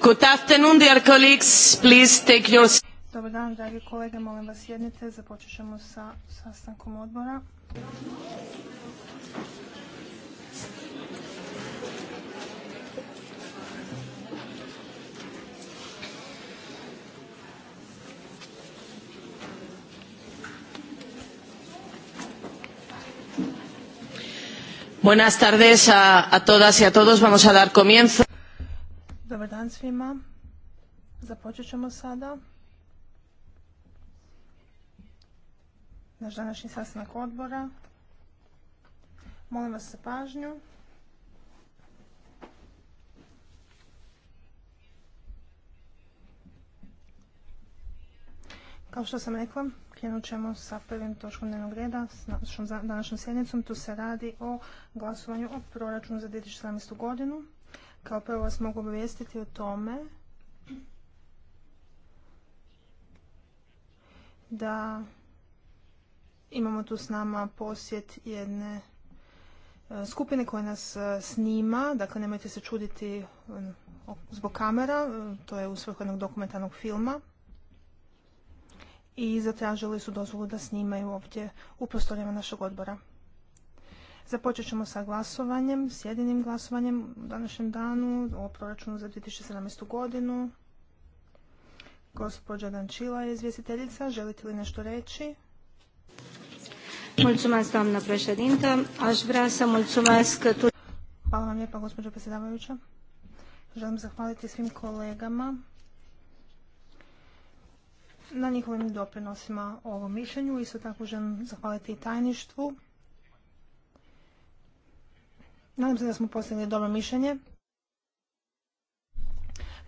Good afternoon, dear colleagues. Please take your... Dobar dan, dragi kolege, molim vas sjednite. Započet ćemo sa sastankom odbora. Buenas tardes a, a todas y a todos. Vamos a dar comienzo. Dobar dan svima. Započet ćemo sada. Naš današnji sastanak odbora. Molim vas za pažnju. Kao što sam rekla, Krenut ćemo sa prvim točkom dnevnog reda, s današnjom sjednicom. Tu se radi o glasovanju o proračunu za 2017. godinu. Kao prvo vas mogu obavijestiti o tome da imamo tu s nama posjet jedne e, skupine koja nas e, snima, dakle nemojte se čuditi e, zbog kamera, to je u svrhu jednog dokumentarnog filma i zatražili su dozvolu da snimaju ovdje u prostorijama našeg odbora. Započet ćemo sa glasovanjem, s jedinim glasovanjem u današnjem danu o proračunu za 2017. godinu. Gospođa Dančila je izvjestiteljica. Želite li nešto reći? Hvala vam lijepa, gospođo predsjedavajuća. Želim zahvaliti svim kolegama na njihovim doprinosima o ovom mišljenju. Isto tako želim zahvaliti i tajništvu. Nadam se da smo postavili dobro mišljenje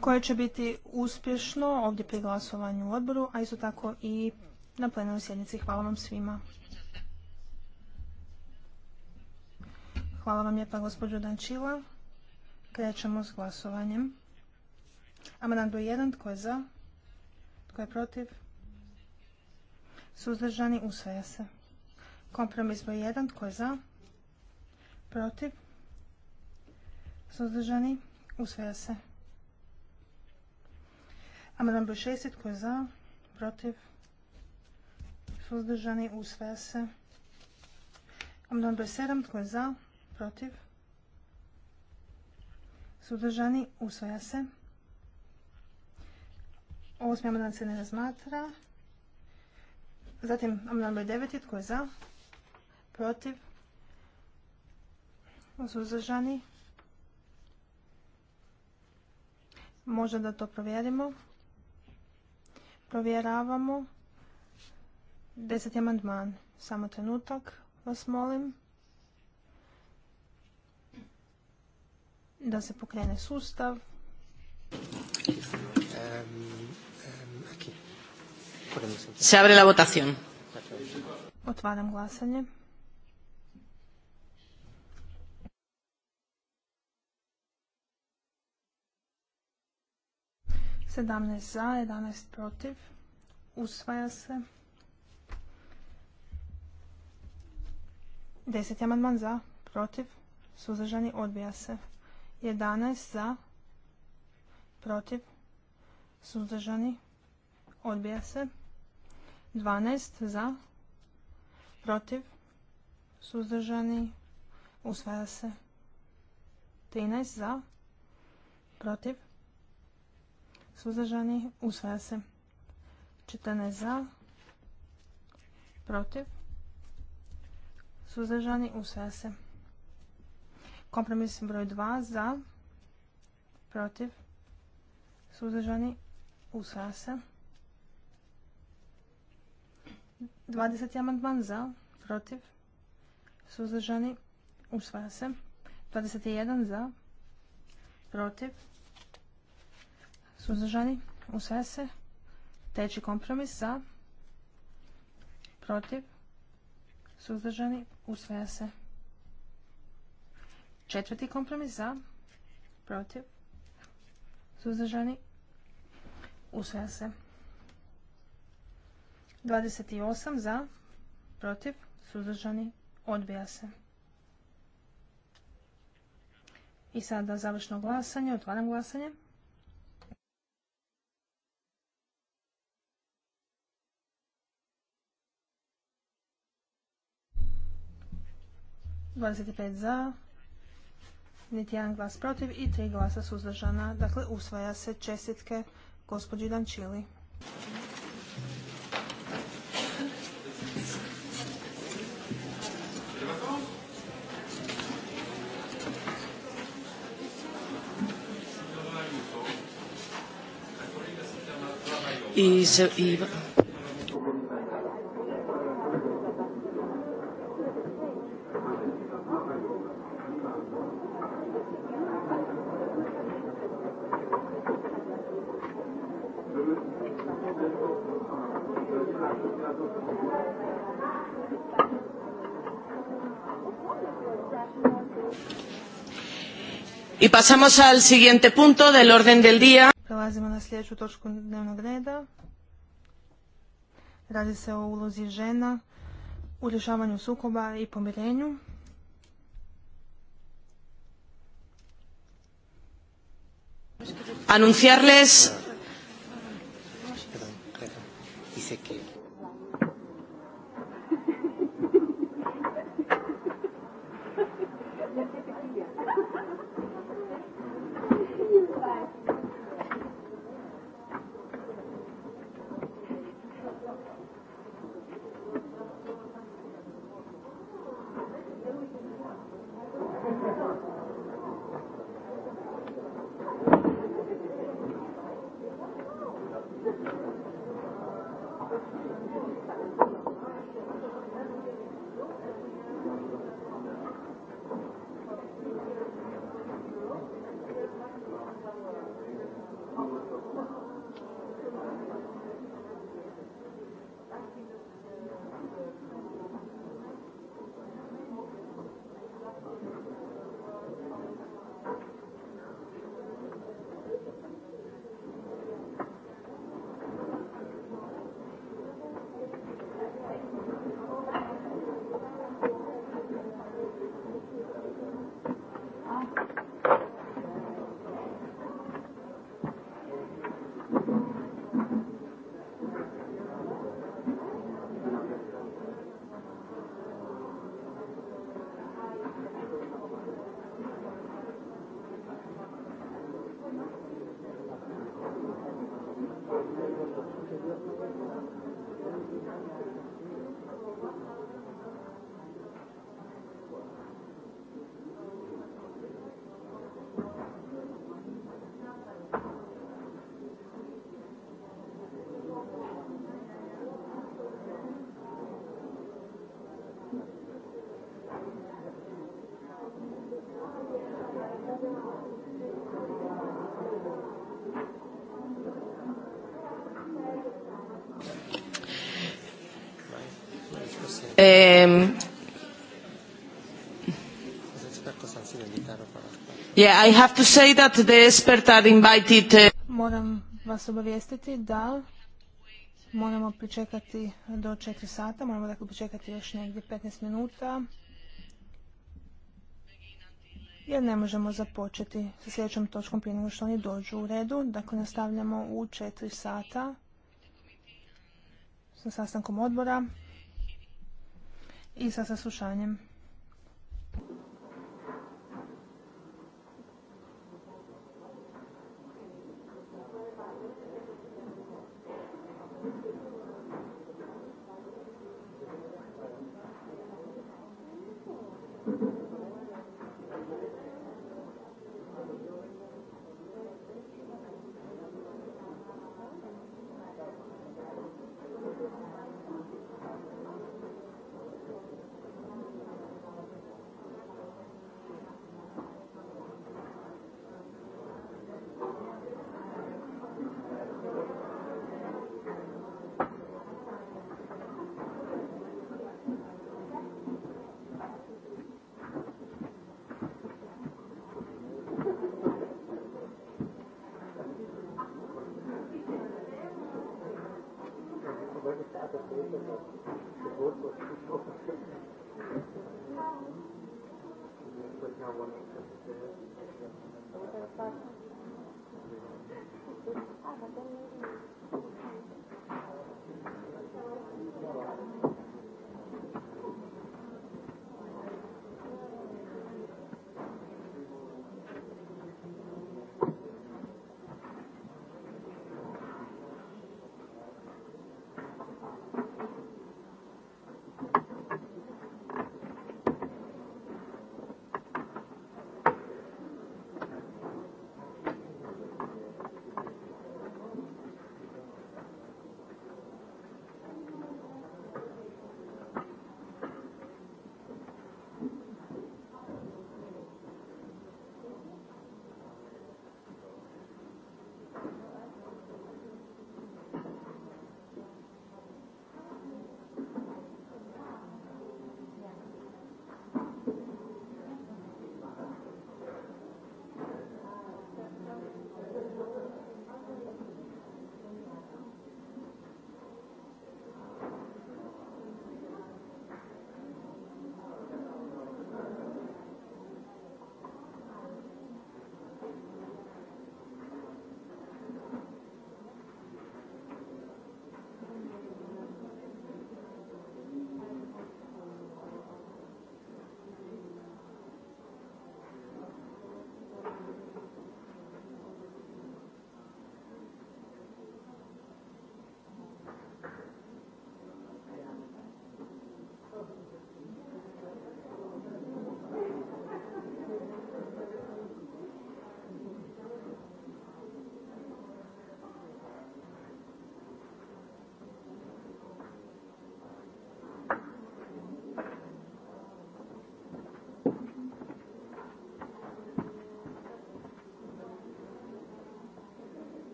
koje će biti uspješno ovdje pri glasovanju u odboru, a isto tako i na plenarnoj sjednici. Hvala vam svima. Hvala vam lijepa gospođo Dančila. Krećemo s glasovanjem. Amandman broj 1, tko je za? Tko je protiv? Suzdržani usvaja se. Kompromis broj 1. Tko je za? Protiv? Suzdržani usvaja se. Amadan broj 6. Tko je za? Protiv? Suzdržani usvaja se. Amadan broj 7. Tko je za? Protiv? Suzdržani usvaja se. Osmi amandman se ne razmatra. Zatim amandman broj 9. Tko je za? Protiv? Suzdržani? Možda da to provjerimo. Provjeravamo. Deseti amandman. Samo trenutak. Vas molim. Da se pokrene sustav. Se abre la votación. Otvaram glasanje. Sedamnaest za, jedanaest protiv. Usvaja se. Deset amandman za, protiv. Suzdržani odbija se. Jedanaest za, protiv. Suzdržani odbija se. 12 za, protiv, suzdržani, usvaja se. 13 za, protiv, suzdržani, usvaja se. 14 za, protiv, suzdržani, usvaja se. Kompromis broj 2 za, protiv, suzdržani, usvaja se. 20. amandman za, protiv, suzdržani, usvaja se. 21 za, protiv, suzdržani, usvaja se. Treći kompromis za, protiv, suzdržani, usvaja se. Četvrti kompromis za, protiv, suzdržani, usvaja se. 28 za, protiv, suzdržani, odbija se. I sada završno glasanje, otvaram glasanje. Dvadeset za, niti jedan glas protiv i tri glasa suzdržana. Dakle, usvaja se čestitke gospođi Dančili. i, i y pasamos al siguiente punto del orden del día na sljedeću točku dnevnog reda. Radi se o ulozi žena u rješavanju sukoba i pomirenju. Anunciarles Uh, Moram vas obavijestiti da moramo pričekati do četiri sata, moramo dakle pričekati još negdje 15 minuta. Jer ne možemo započeti sa sljedećom točkom prije nego što oni dođu u redu. Dakle, nastavljamo u četiri sata sa sastankom odbora i sa saslušanjem.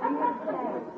I'm not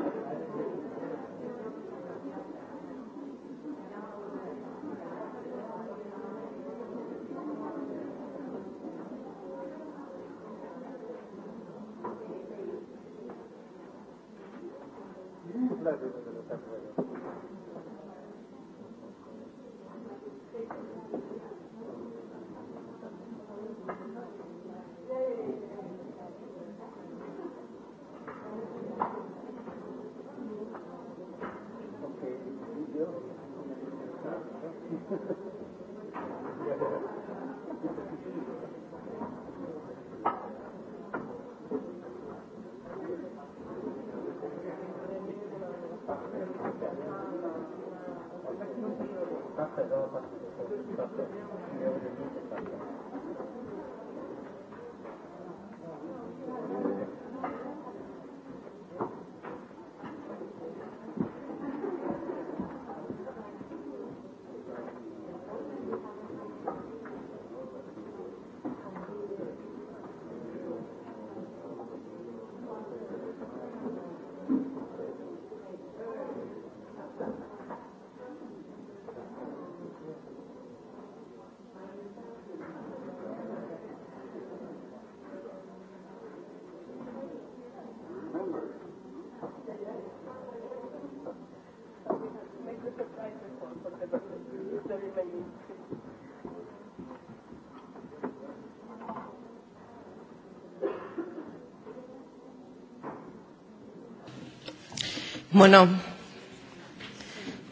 Bueno,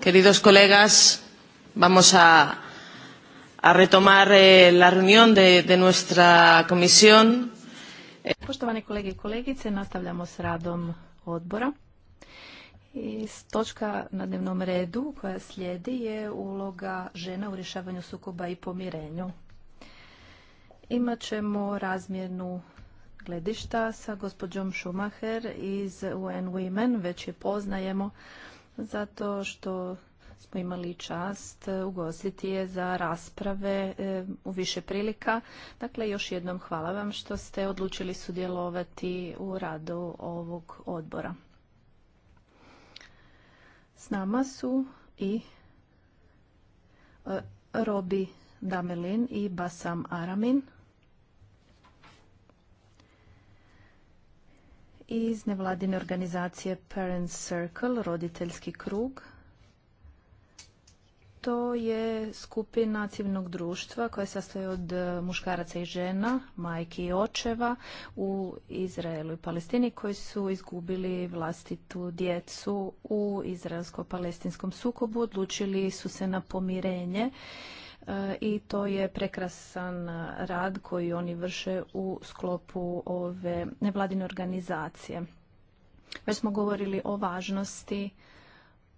queridos colegas, vamos a, a retomar eh, la reunión de, de nuestra comisión. Poštovani kolege i kolegice, nastavljamo s radom odbora. I točka na dnevnom redu koja slijedi je uloga žena u rješavanju sukoba i pomirenju. Imat ćemo razmjernu gledišta sa gospođom Schumacher iz UN Women, već je poznajemo zato što smo imali čast ugostiti je za rasprave e, u više prilika. Dakle, još jednom hvala vam što ste odlučili sudjelovati u radu ovog odbora. S nama su i e, Robi Damelin i Basam Aramin iz nevladine organizacije Parents Circle, roditeljski krug. To je skupina civilnog društva koja sastoji od e, muškaraca i žena, majki i očeva u Izraelu i Palestini koji su izgubili vlastitu djecu u izraelsko-palestinskom sukobu, odlučili su se na pomirenje e, i to je prekrasan rad koji oni vrše u sklopu ove nevladine organizacije. Već smo govorili o važnosti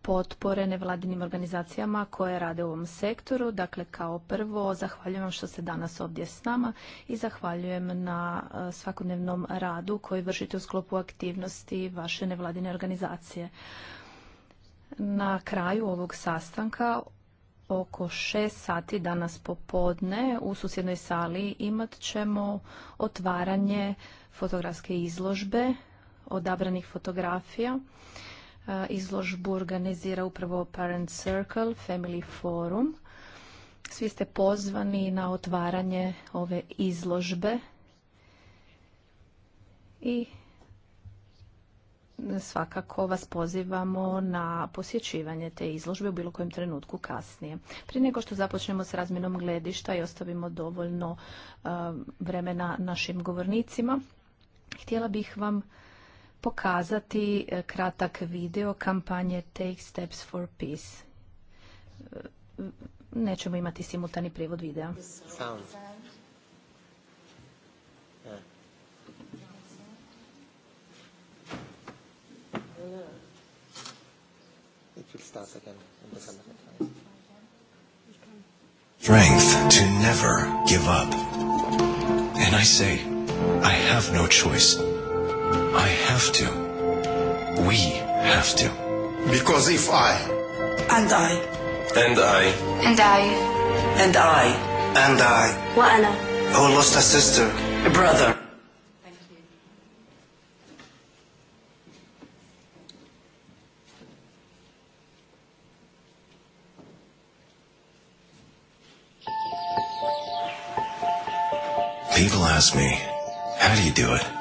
potpore nevladinim organizacijama koje rade u ovom sektoru. Dakle, kao prvo, zahvaljujem vam što ste danas ovdje s nama i zahvaljujem na e, svakodnevnom radu koji vršite u sklopu aktivnosti vaše nevladine organizacije. Na kraju ovog sastanka oko 6 sati danas popodne u susjednoj sali imat ćemo otvaranje fotografske izložbe odabranih fotografija Izložbu organizira upravo Parent Circle, Family Forum. Svi ste pozvani na otvaranje ove izložbe i svakako vas pozivamo na posjećivanje te izložbe u bilo kojem trenutku kasnije. Prije nego što započnemo s razmjenom gledišta i ostavimo dovoljno vremena našim govornicima, htjela bih vam pokazati e, kratak video kampanje Take Steps for Peace. E, nećemo imati simultani prevod videa. Strength to never give up. And I say, I have no choice. I have to. We have to. Because if I. And I. And I. And I. And I. And I. I, Who oh, lost a sister. A brother. People ask me, how do you do it?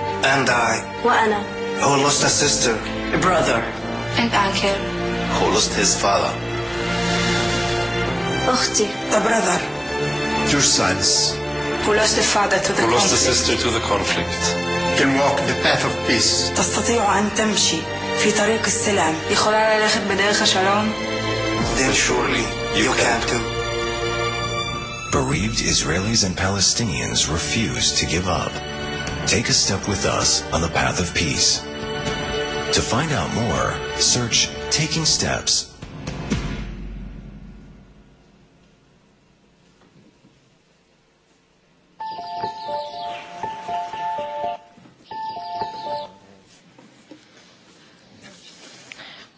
And I. وأنا. Who lost a sister, a brother. And uncle. Who lost his father. أختي. A brother. Your sons. Who lost a father to the Who lost a sister to the conflict. Can walk the path of peace. تستطيع أن تمشي في طريق السلام. Then surely you can too. Bereaved Israelis and Palestinians refuse to give up. Take a step with us on the path of peace. To find out more, search Taking Steps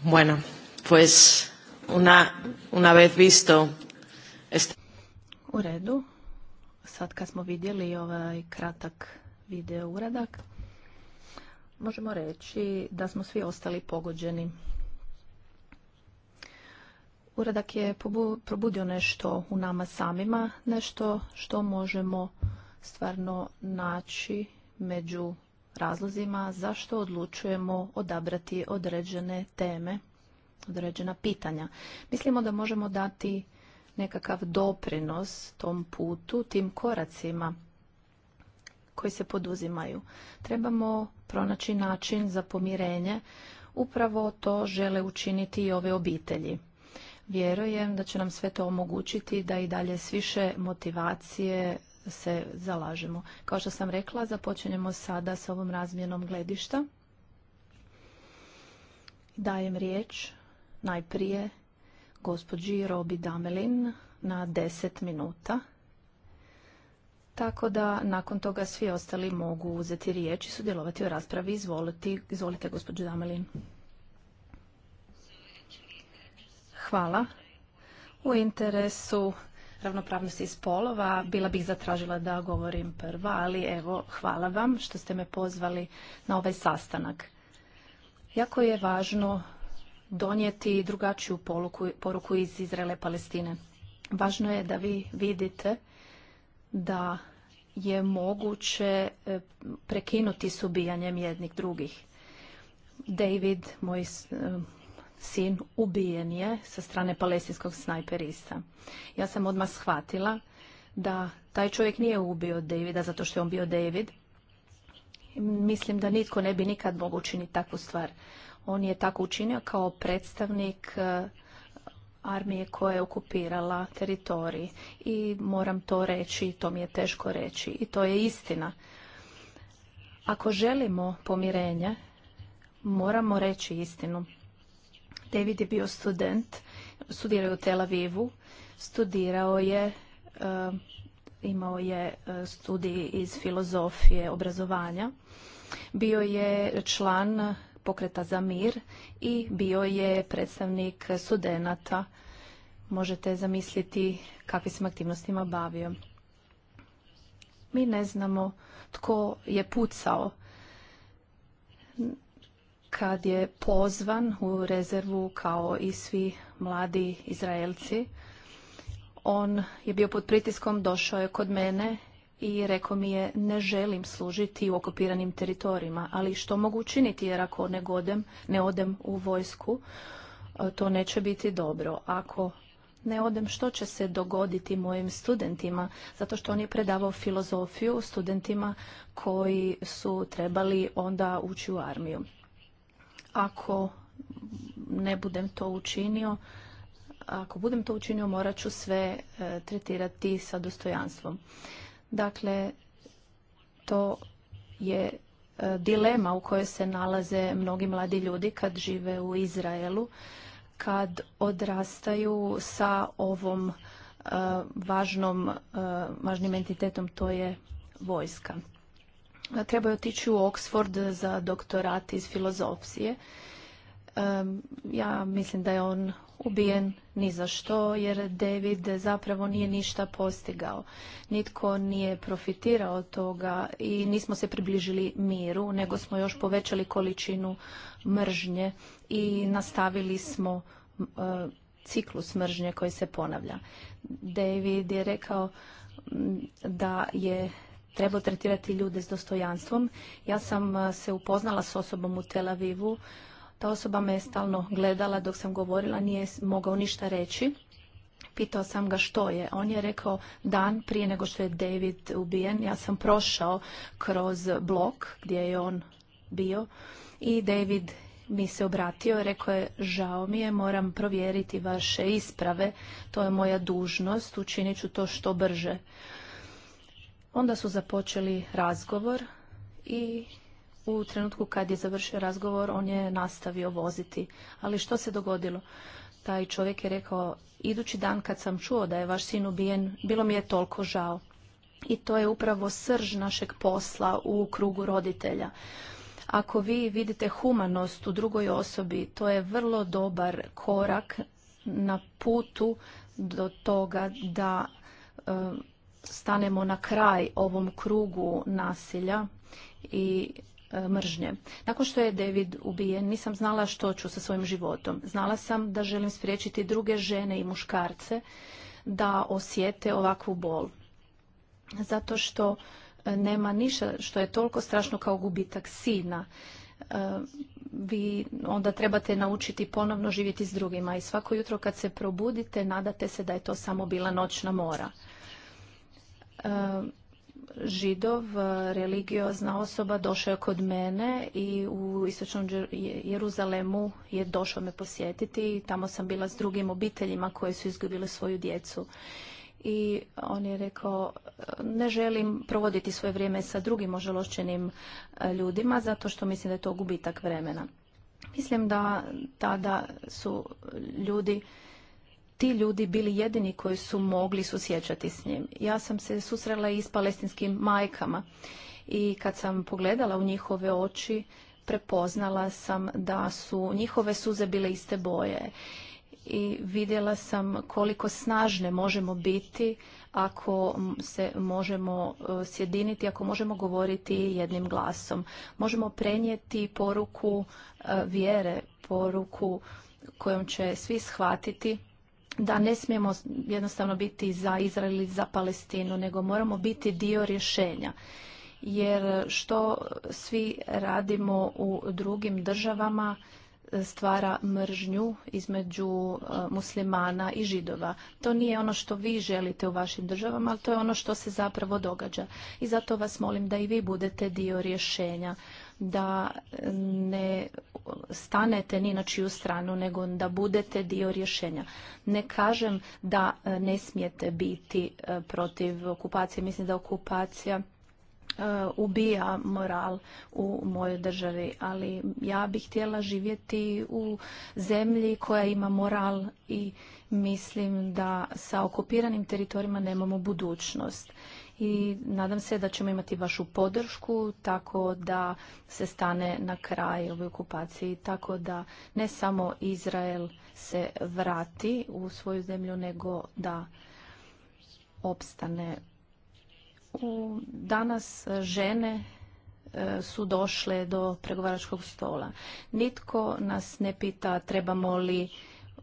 Bueno, pues una, una vez visto... Este... U redu. Sad kad smo vidjeli ovaj kratak video uradak, možemo reći da smo svi ostali pogođeni. Uradak je probudio nešto u nama samima, nešto što možemo stvarno naći među razlozima zašto odlučujemo odabrati određene teme, određena pitanja. Mislimo da možemo dati nekakav doprinos tom putu, tim koracima koji se poduzimaju. Trebamo pronaći način za pomirenje. Upravo to žele učiniti i ove obitelji. Vjerujem da će nam sve to omogućiti da i dalje s više motivacije se zalažemo. Kao što sam rekla, započinjemo sada s ovom razmjenom gledišta. Dajem riječ najprije gospođi Robi Damelin na deset minuta tako da nakon toga svi ostali mogu uzeti riječ i sudjelovati u raspravi. Izvolite, gospođo Damelin. Hvala. U interesu ravnopravnosti spolova bila bih zatražila da govorim prva, ali evo, hvala vam što ste me pozvali na ovaj sastanak. Jako je važno donijeti drugačiju poruku, poruku iz Izraela i Palestine. Važno je da vi vidite da je moguće e, prekinuti s ubijanjem jednih drugih. David, moj e, sin, ubijen je sa strane palestinskog snajperista. Ja sam odmah shvatila da taj čovjek nije ubio Davida zato što je on bio David. Mislim da nitko ne bi nikad mogu učiniti takvu stvar. On je tako učinio kao predstavnik e, armije koja je okupirala teritorij i moram to reći to mi je teško reći i to je istina. Ako želimo pomirenje, moramo reći istinu. David je bio student, studirao je u Tel Avivu, studirao je, eh, imao je eh, studij iz filozofije obrazovanja, bio je član pokreta za mir i bio je predstavnik sudenata. Možete zamisliti kakvim sam aktivnostima bavio. Mi ne znamo tko je pucao kad je pozvan u rezervu kao i svi mladi Izraelci. On je bio pod pritiskom, došao je kod mene i rekao mi je ne želim služiti u okupiranim teritorijima, ali što mogu učiniti jer ako ne, godem, ne odem u vojsku, e, to neće biti dobro. Ako ne odem, što će se dogoditi mojim studentima, zato što on je predavao filozofiju studentima koji su trebali onda ući u armiju. Ako ne budem to učinio, ako budem to učinio, morat ću sve e, tretirati sa dostojanstvom. Dakle, to je e, dilema u kojoj se nalaze mnogi mladi ljudi kad žive u Izraelu, kad odrastaju sa ovom e, važnom, e, važnim entitetom, to je vojska. Treba otići u Oxford za doktorat iz filozofije ja mislim da je on ubijen ni za što jer David zapravo nije ništa postigao. Nitko nije profitirao od toga i nismo se približili miru, nego smo još povećali količinu mržnje i nastavili smo ciklus mržnje koji se ponavlja. David je rekao mm, da je trebao tretirati ljude s dostojanstvom. Ja sam eh, se upoznala s osobom u Tel Avivu ta osoba me je stalno gledala dok sam govorila, nije mogao ništa reći. Pitao sam ga što je. On je rekao dan prije nego što je David ubijen. Ja sam prošao kroz blok gdje je on bio i David mi se obratio, rekao je žao mi je, moram provjeriti vaše isprave, to je moja dužnost, učinit ću to što brže. Onda su započeli razgovor i u trenutku kad je završio razgovor on je nastavio voziti. Ali što se dogodilo? Taj čovjek je rekao, idući dan kad sam čuo da je vaš sin ubijen, bilo mi je toliko žao. I to je upravo srž našeg posla u krugu roditelja. Ako vi vidite humanost u drugoj osobi, to je vrlo dobar korak na putu do toga da e, stanemo na kraj ovom krugu nasilja i E, mržnje. Nakon što je David ubijen, nisam znala što ću sa svojim životom. Znala sam da želim spriječiti druge žene i muškarce da osjete ovakvu bol. Zato što e, nema ništa što je toliko strašno kao gubitak sina. E, vi onda trebate naučiti ponovno živjeti s drugima i svako jutro kad se probudite nadate se da je to samo bila noćna mora židov, eh, religiozna osoba došao je kod mene i u istočnom Jeruzalemu je došao me posjetiti i tamo sam bila s drugim obiteljima koje su izgubile svoju djecu. I on je rekao, eh, ne želim provoditi svoje vrijeme sa drugim ožalošćenim eh, ljudima zato što mislim da je to gubitak vremena. Mislim da tada su ljudi ti ljudi bili jedini koji su mogli susjećati s njim. Ja sam se susrela i s palestinskim majkama i kad sam pogledala u njihove oči, prepoznala sam da su njihove suze bile iste boje i vidjela sam koliko snažne možemo biti ako se možemo e, sjediniti, ako možemo govoriti jednim glasom. Možemo prenijeti poruku e, vjere, poruku kojom će svi shvatiti da ne smijemo jednostavno biti za Izrael i za Palestinu, nego moramo biti dio rješenja. Jer što svi radimo u drugim državama e, stvara mržnju između e, muslimana i židova. To nije ono što vi želite u vašim državama, ali to je ono što se zapravo događa. I zato vas molim da i vi budete dio rješenja da ne stanete ni na čiju stranu, nego da budete dio rješenja. Ne kažem da e, ne smijete biti e, protiv okupacije. Mislim da okupacija e, ubija moral u mojoj državi, ali ja bih htjela živjeti u zemlji koja ima moral i mislim da sa okupiranim teritorijima nemamo budućnost i nadam se da ćemo imati vašu podršku tako da se stane na kraj ovoj okupaciji, tako da ne samo Izrael se vrati u svoju zemlju, nego da opstane. danas žene e, su došle do pregovaračkog stola. Nitko nas ne pita trebamo li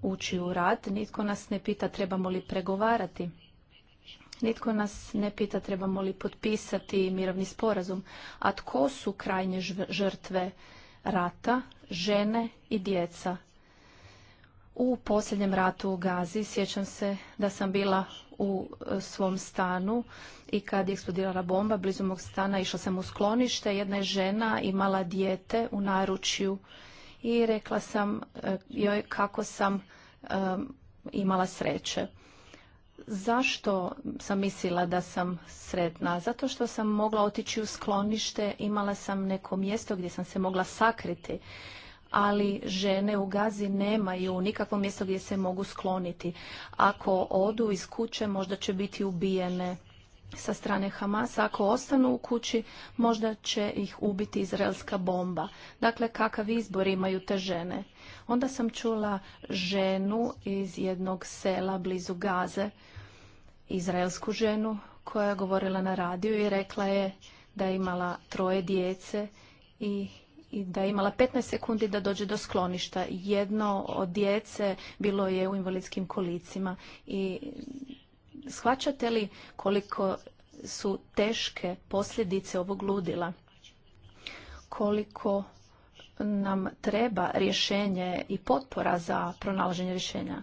ući u rat, nitko nas ne pita trebamo li pregovarati. Nitko nas ne pita trebamo li potpisati mirovni sporazum, a tko su krajnje žrtve rata, žene i djeca. U posljednjem ratu u Gazi sjećam se da sam bila u e, svom stanu i kad je eksplodirala bomba blizu mog stana išla sam u sklonište, jedna je žena imala dijete u naručju i rekla sam e, joj kako sam e, imala sreće. Zašto sam mislila da sam sretna? Zato što sam mogla otići u sklonište, imala sam neko mjesto gdje sam se mogla sakriti, ali žene u Gazi nemaju nikakvo mjesto gdje se mogu skloniti. Ako odu iz kuće možda će biti ubijene sa strane Hamasa, ako ostanu u kući, možda će ih ubiti izraelska bomba. Dakle, kakav izbor imaju te žene? Onda sam čula ženu iz jednog sela blizu Gaze, izraelsku ženu, koja je govorila na radiju i rekla je da je imala troje djece i i da je imala 15 sekundi da dođe do skloništa. Jedno od djece bilo je u invalidskim kolicima i shvaćate li koliko su teške posljedice ovog ludila? Koliko nam treba rješenje i potpora za pronalaženje rješenja?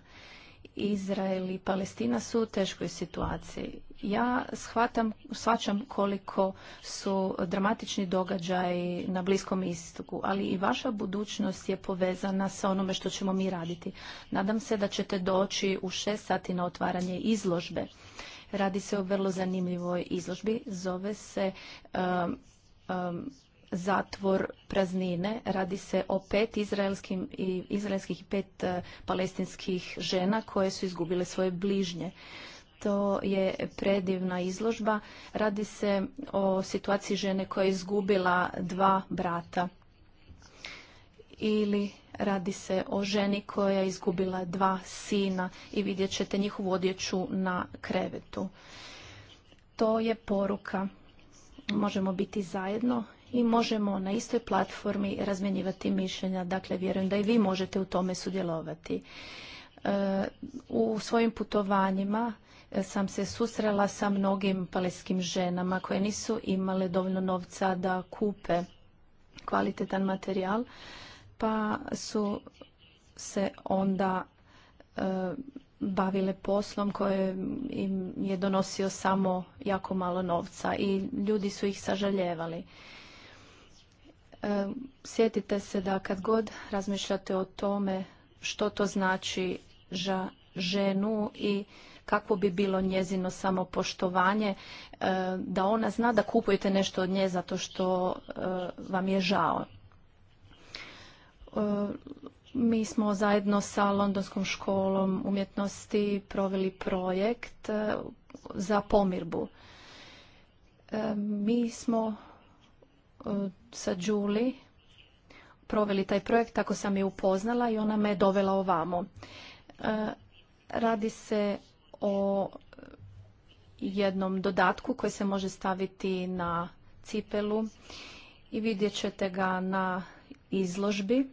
Izrael i Palestina su u teškoj situaciji ja shvatam, shvaćam koliko su dramatični događaji na Bliskom istoku, ali i vaša budućnost je povezana sa onome što ćemo mi raditi. Nadam se da ćete doći u šest sati na otvaranje izložbe. Radi se o vrlo zanimljivoj izložbi. Zove se um, um, zatvor praznine. Radi se o pet izraelskim i, izraelskih i pet uh, palestinskih žena koje su izgubile svoje bližnje. To je predivna izložba. Radi se o situaciji žene koja je izgubila dva brata ili radi se o ženi koja je izgubila dva sina i vidjet ćete njihovu odjeću na krevetu. To je poruka. Možemo biti zajedno i možemo na istoj platformi razmjenjivati mišljenja. Dakle, vjerujem da i vi možete u tome sudjelovati. E, u svojim putovanjima E, sam se susrela sa mnogim paleskim ženama koje nisu imale dovoljno novca da kupe kvalitetan materijal, pa su se onda e, bavile poslom koje im je donosio samo jako malo novca i ljudi su ih sažaljevali. E, sjetite se da kad god razmišljate o tome što to znači za ženu i kako bi bilo njezino samopoštovanje e, da ona zna da kupujete nešto od nje zato što e, vam je žao. E, mi smo zajedno sa Londonskom školom umjetnosti proveli projekt za pomirbu. Mi smo sa Julie proveli taj projekt, tako sam je upoznala i ona me je dovela ovamo. Radi se o jednom dodatku koji se može staviti na cipelu i vidjet ćete ga na izložbi.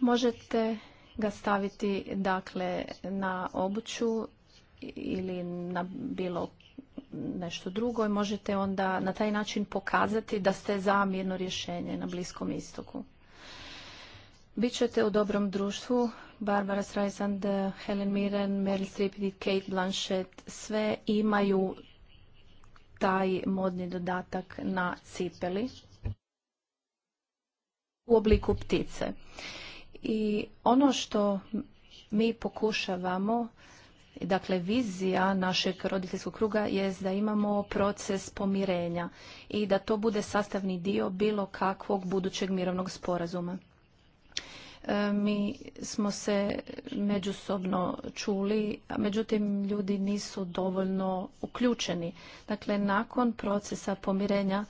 Možete ga staviti dakle na obuću ili na bilo nešto drugo i možete onda na taj način pokazati da ste za mirno rješenje na Bliskom istoku. Bit ćete u dobrom društvu, Barbara Streisand, Helen Mirren, Meryl Streep i Kate Blanchett, sve imaju taj modni dodatak na cipeli u obliku ptice. I ono što mi pokušavamo Dakle, vizija našeg roditeljskog kruga je da imamo proces pomirenja i da to bude sastavni dio bilo kakvog budućeg mirovnog sporazuma. E, mi smo se međusobno čuli, a međutim ljudi nisu dovoljno uključeni. Dakle, nakon procesa pomirenja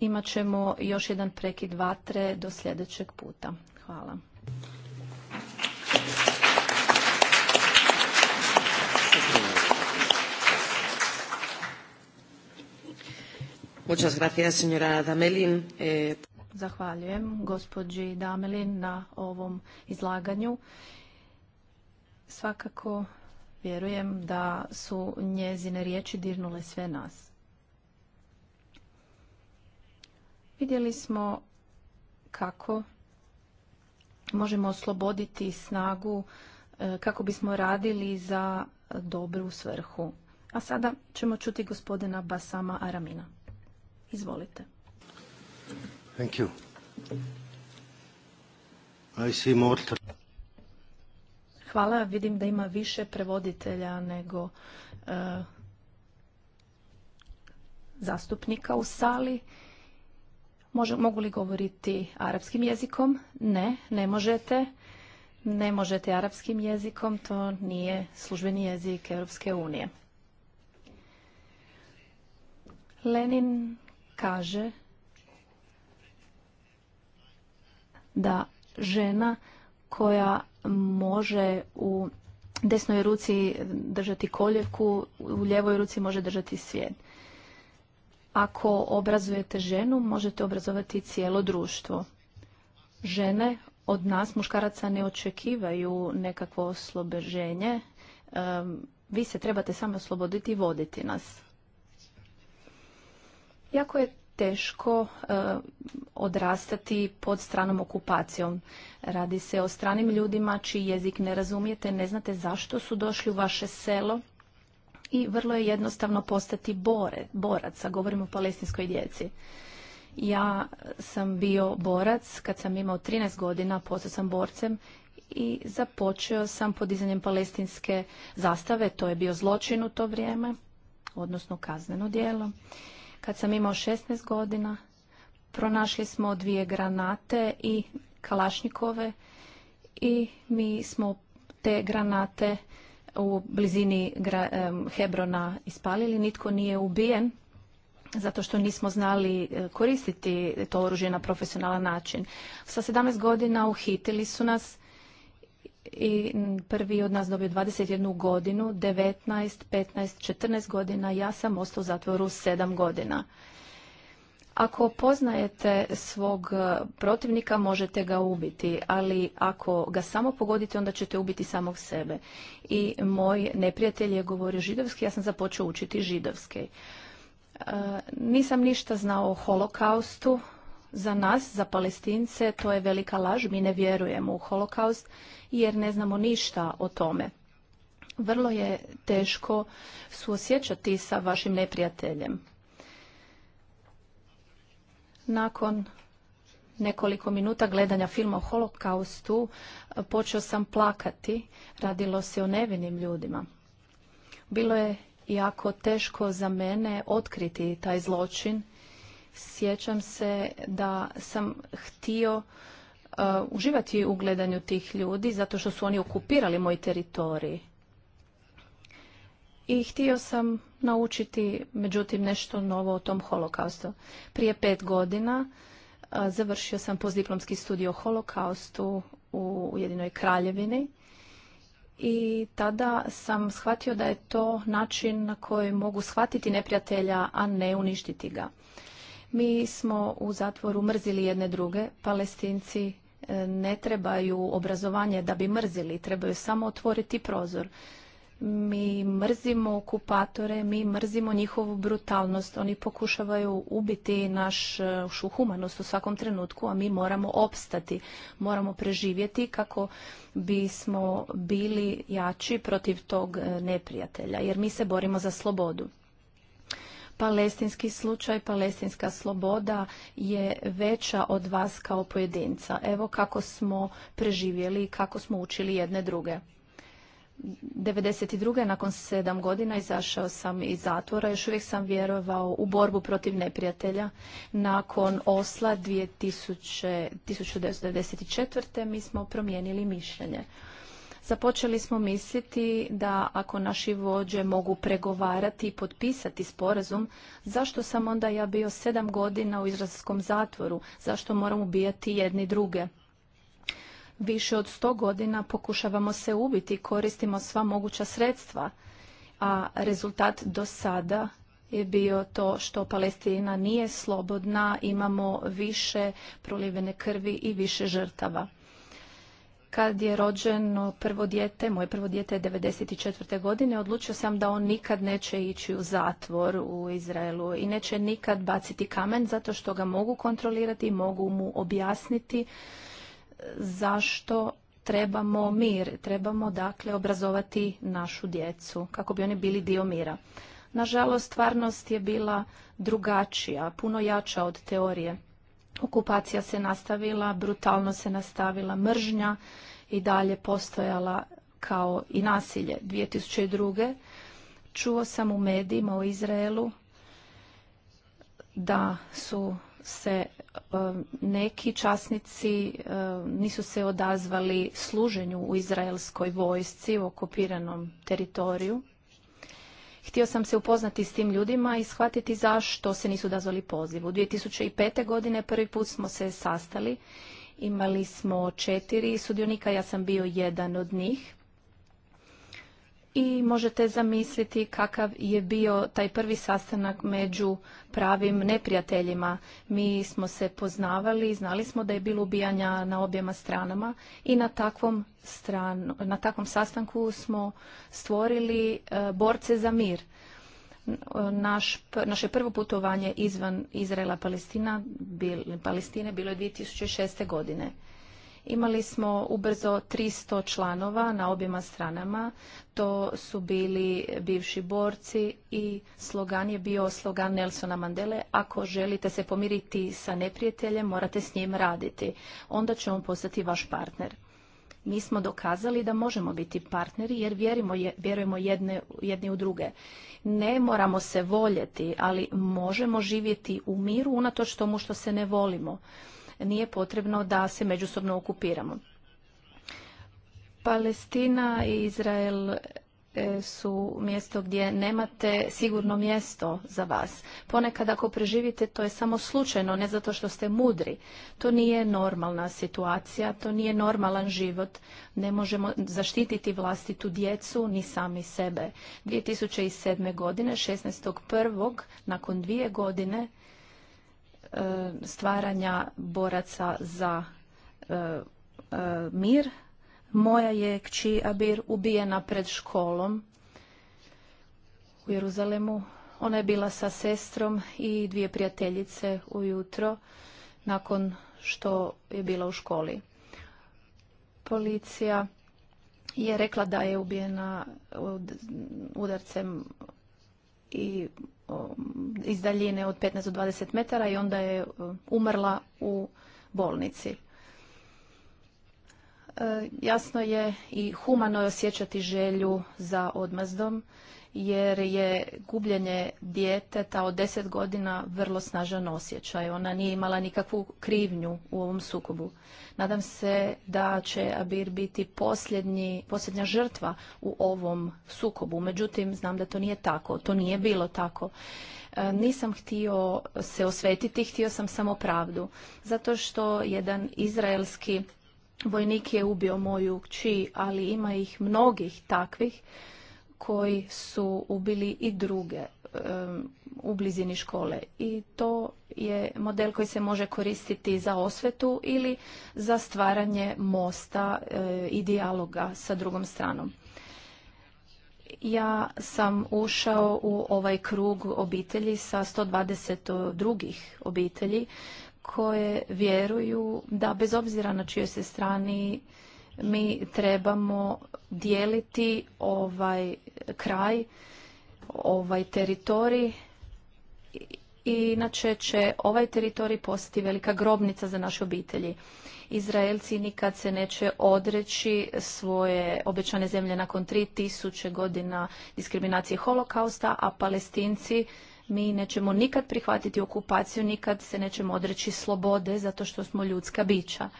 imat ćemo još jedan prekid vatre do sljedećeg puta. Hvala. Muchas gracias, señora Damelin. Eh, Zahvaljujem gospođi Damelin na ovom izlaganju. Svakako vjerujem da su njezine riječi dirnule sve nas. Vidjeli smo kako možemo osloboditi snagu e, kako bismo radili za dobru svrhu. A sada ćemo čuti gospodina Basama Aramina. Izvolite. Thank you. I see more... Hvala, vidim da ima više prevoditelja nego e, zastupnika u sali. Može, mogu li govoriti arapskim jezikom? Ne, ne možete. Ne možete arapskim jezikom, to nije službeni jezik Europske unije. Lenin kaže da žena koja može u desnoj ruci držati koljevku, u ljevoj ruci može držati svijet. Ako obrazujete ženu, možete obrazovati cijelo društvo. Žene od nas, muškaraca, ne očekivaju nekakvo oslobeženje. vi se trebate samo osloboditi i voditi nas. Jako je teško e, odrastati pod stranom okupacijom. Radi se o stranim ljudima čiji jezik ne razumijete, ne znate zašto su došli u vaše selo i vrlo je jednostavno postati bore, boraca. Govorimo o palestinskoj djeci. Ja sam bio borac kad sam imao 13 godina, postao sam borcem i započeo sam podizanjem palestinske zastave. To je bio zločin u to vrijeme, odnosno kazneno djelo. Kad sam imao 16 godina, pronašli smo dvije granate i kalašnjikove i mi smo te granate u blizini Hebrona ispalili. Nitko nije ubijen zato što nismo znali e, koristiti to oružje na profesionalan način. Sa 17 godina uhitili su nas i prvi od nas dobio 21 godinu, 19, 15, 14 godina, ja sam ostao u zatvoru 7 godina. Ako poznajete svog e, protivnika, možete ga ubiti, ali ako ga samo pogodite, onda ćete ubiti samog sebe. I moj neprijatelj je govorio židovski, ja sam započeo učiti židovski. E, nisam ništa znao o holokaustu, za nas, za palestince, to je velika laž. Mi ne vjerujemo u holokaust jer ne znamo ništa o tome. Vrlo je teško suosjećati sa vašim neprijateljem. Nakon nekoliko minuta gledanja filma o holokaustu počeo sam plakati. Radilo se o nevinim ljudima. Bilo je jako teško za mene otkriti taj zločin sjećam se da sam htio uh, uživati u gledanju tih ljudi zato što su oni okupirali moj teritorij. I htio sam naučiti, međutim, nešto novo o tom holokaustu. Prije pet godina uh, završio sam postdiplomski studij o holokaustu u Ujedinoj kraljevini i tada sam shvatio da je to način na koji mogu shvatiti neprijatelja, a ne uništiti ga. Mi smo u zatvoru mrzili jedne druge. Palestinci e, ne trebaju obrazovanje da bi mrzili, trebaju samo otvoriti prozor. Mi mrzimo okupatore, mi mrzimo njihovu brutalnost. Oni pokušavaju ubiti našu humanost u svakom trenutku, a mi moramo opstati, moramo preživjeti kako bismo bili jači protiv tog e, neprijatelja, jer mi se borimo za slobodu palestinski slučaj, palestinska sloboda je veća od vas kao pojedinca. Evo kako smo preživjeli i kako smo učili jedne druge. 1992. nakon sedam godina izašao sam iz zatvora. Još uvijek sam vjerovao u borbu protiv neprijatelja. Nakon Osla 2000, 1994. mi smo promijenili mišljenje započeli smo misliti da ako naši vođe mogu pregovarati i potpisati sporazum, zašto sam onda ja bio sedam godina u izraelskom zatvoru, zašto moram ubijati jedni druge? Više od sto godina pokušavamo se ubiti, koristimo sva moguća sredstva, a rezultat do sada je bio to što Palestina nije slobodna, imamo više prolivene krvi i više žrtava kad je rođeno prvo dijete, moje prvo dijete je 1994. godine, odlučio sam da on nikad neće ići u zatvor u Izraelu i neće nikad baciti kamen zato što ga mogu kontrolirati i mogu mu objasniti e, zašto trebamo mir, trebamo dakle obrazovati našu djecu kako bi oni bili dio mira. Nažalost, stvarnost je bila drugačija, puno jača od teorije Okupacija se nastavila, brutalno se nastavila mržnja i dalje postojala kao i nasilje. 2002. čuo sam u medijima u Izraelu da su se e, neki časnici e, nisu se odazvali služenju u izraelskoj vojsci u okupiranom teritoriju Htio sam se upoznati s tim ljudima i shvatiti zašto se nisu dazvali pozivu. 2005. godine prvi put smo se sastali. Imali smo četiri sudionika, ja sam bio jedan od njih i možete zamisliti kakav je bio taj prvi sastanak među pravim neprijateljima. Mi smo se poznavali, znali smo da je bilo ubijanja na objema stranama i na takvom, stranu, na takvom sastanku smo stvorili e, borce za mir. Naš, naše prvo putovanje izvan Izraela Palestina, bil, Palestine bilo je 2006. godine. Imali smo ubrzo 300 članova na objema stranama. To su bili bivši borci i slogan je bio slogan Nelsona Mandele ako želite se pomiriti sa neprijateljem, morate s njim raditi. Onda će on postati vaš partner. Mi smo dokazali da možemo biti partneri jer vjerimo, vjerujemo jedne, jedni u druge. Ne moramo se voljeti, ali možemo živjeti u miru unatoč tomu što se ne volimo nije potrebno da se međusobno okupiramo. Palestina i Izrael e, su mjesto gdje nemate sigurno mjesto za vas. Ponekad ako preživite to je samo slučajno, ne zato što ste mudri. To nije normalna situacija, to nije normalan život. Ne možemo zaštititi vlastitu djecu ni sami sebe. 2007. godine, 16.1. nakon dvije godine E, stvaranja boraca za e, e, mir. Moja je kći Abir ubijena pred školom u Jeruzalemu. Ona je bila sa sestrom i dvije prijateljice ujutro nakon što je bila u školi. Policija je rekla da je ubijena udarcem i Um, iz daljine od 15 do 20 metara i onda je um, umrla u bolnici. E, jasno je i humano je osjećati želju za odmazdom jer je gubljenje djeteta od deset godina vrlo snažan osjećaj. Ona nije imala nikakvu krivnju u ovom sukobu. Nadam se da će Abir biti posljednji, posljednja žrtva u ovom sukobu. Međutim, znam da to nije tako. To nije bilo tako. E, nisam htio se osvetiti, htio sam samo pravdu. Zato što jedan izraelski vojnik je ubio moju kći, ali ima ih mnogih takvih koji su ubili i druge u blizini škole. I to je model koji se može koristiti za osvetu ili za stvaranje mosta eh, i dijaloga sa drugom stranom. Ja sam ušao u ovaj krug obitelji sa 120 drugih obitelji koje vjeruju da bez obzira na čijoj se strani mi trebamo dijeliti ovaj kraj, ovaj teritorij. I inače će ovaj teritorij postati velika grobnica za naše obitelji. Izraelci nikad se neće odreći svoje obećane zemlje nakon 3000 godina diskriminacije holokausta, a palestinci mi nećemo nikad prihvatiti okupaciju, nikad se nećemo odreći slobode zato što smo ljudska bića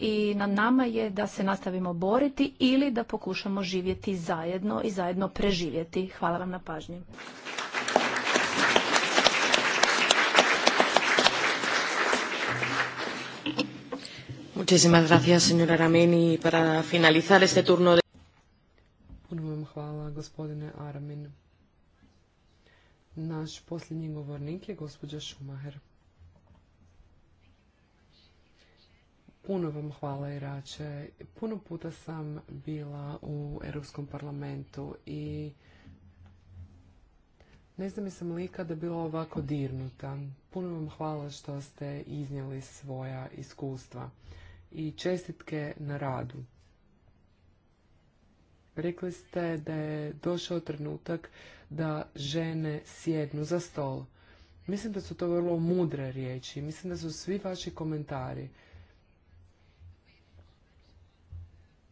i na nama je da se nastavimo boriti ili da pokušamo živjeti zajedno i zajedno preživjeti. Hvala vam na pažnji. Muchísimas gracias, señora Arameni. Para finalizar este turno de... Puno vam hvala, gospodine Aramin. Naš posljednji govornik je gospođa Šumaher. Puno vam hvala Irače. Puno puta sam bila u Europskom parlamentu i ne znam jesam li ikada bila ovako dirnuta. Puno vam hvala što ste iznijeli svoja iskustva i čestitke na radu. Rekli ste da je došao trenutak da žene sjednu za stol. Mislim da su to vrlo mudre riječi. Mislim da su svi vaši komentari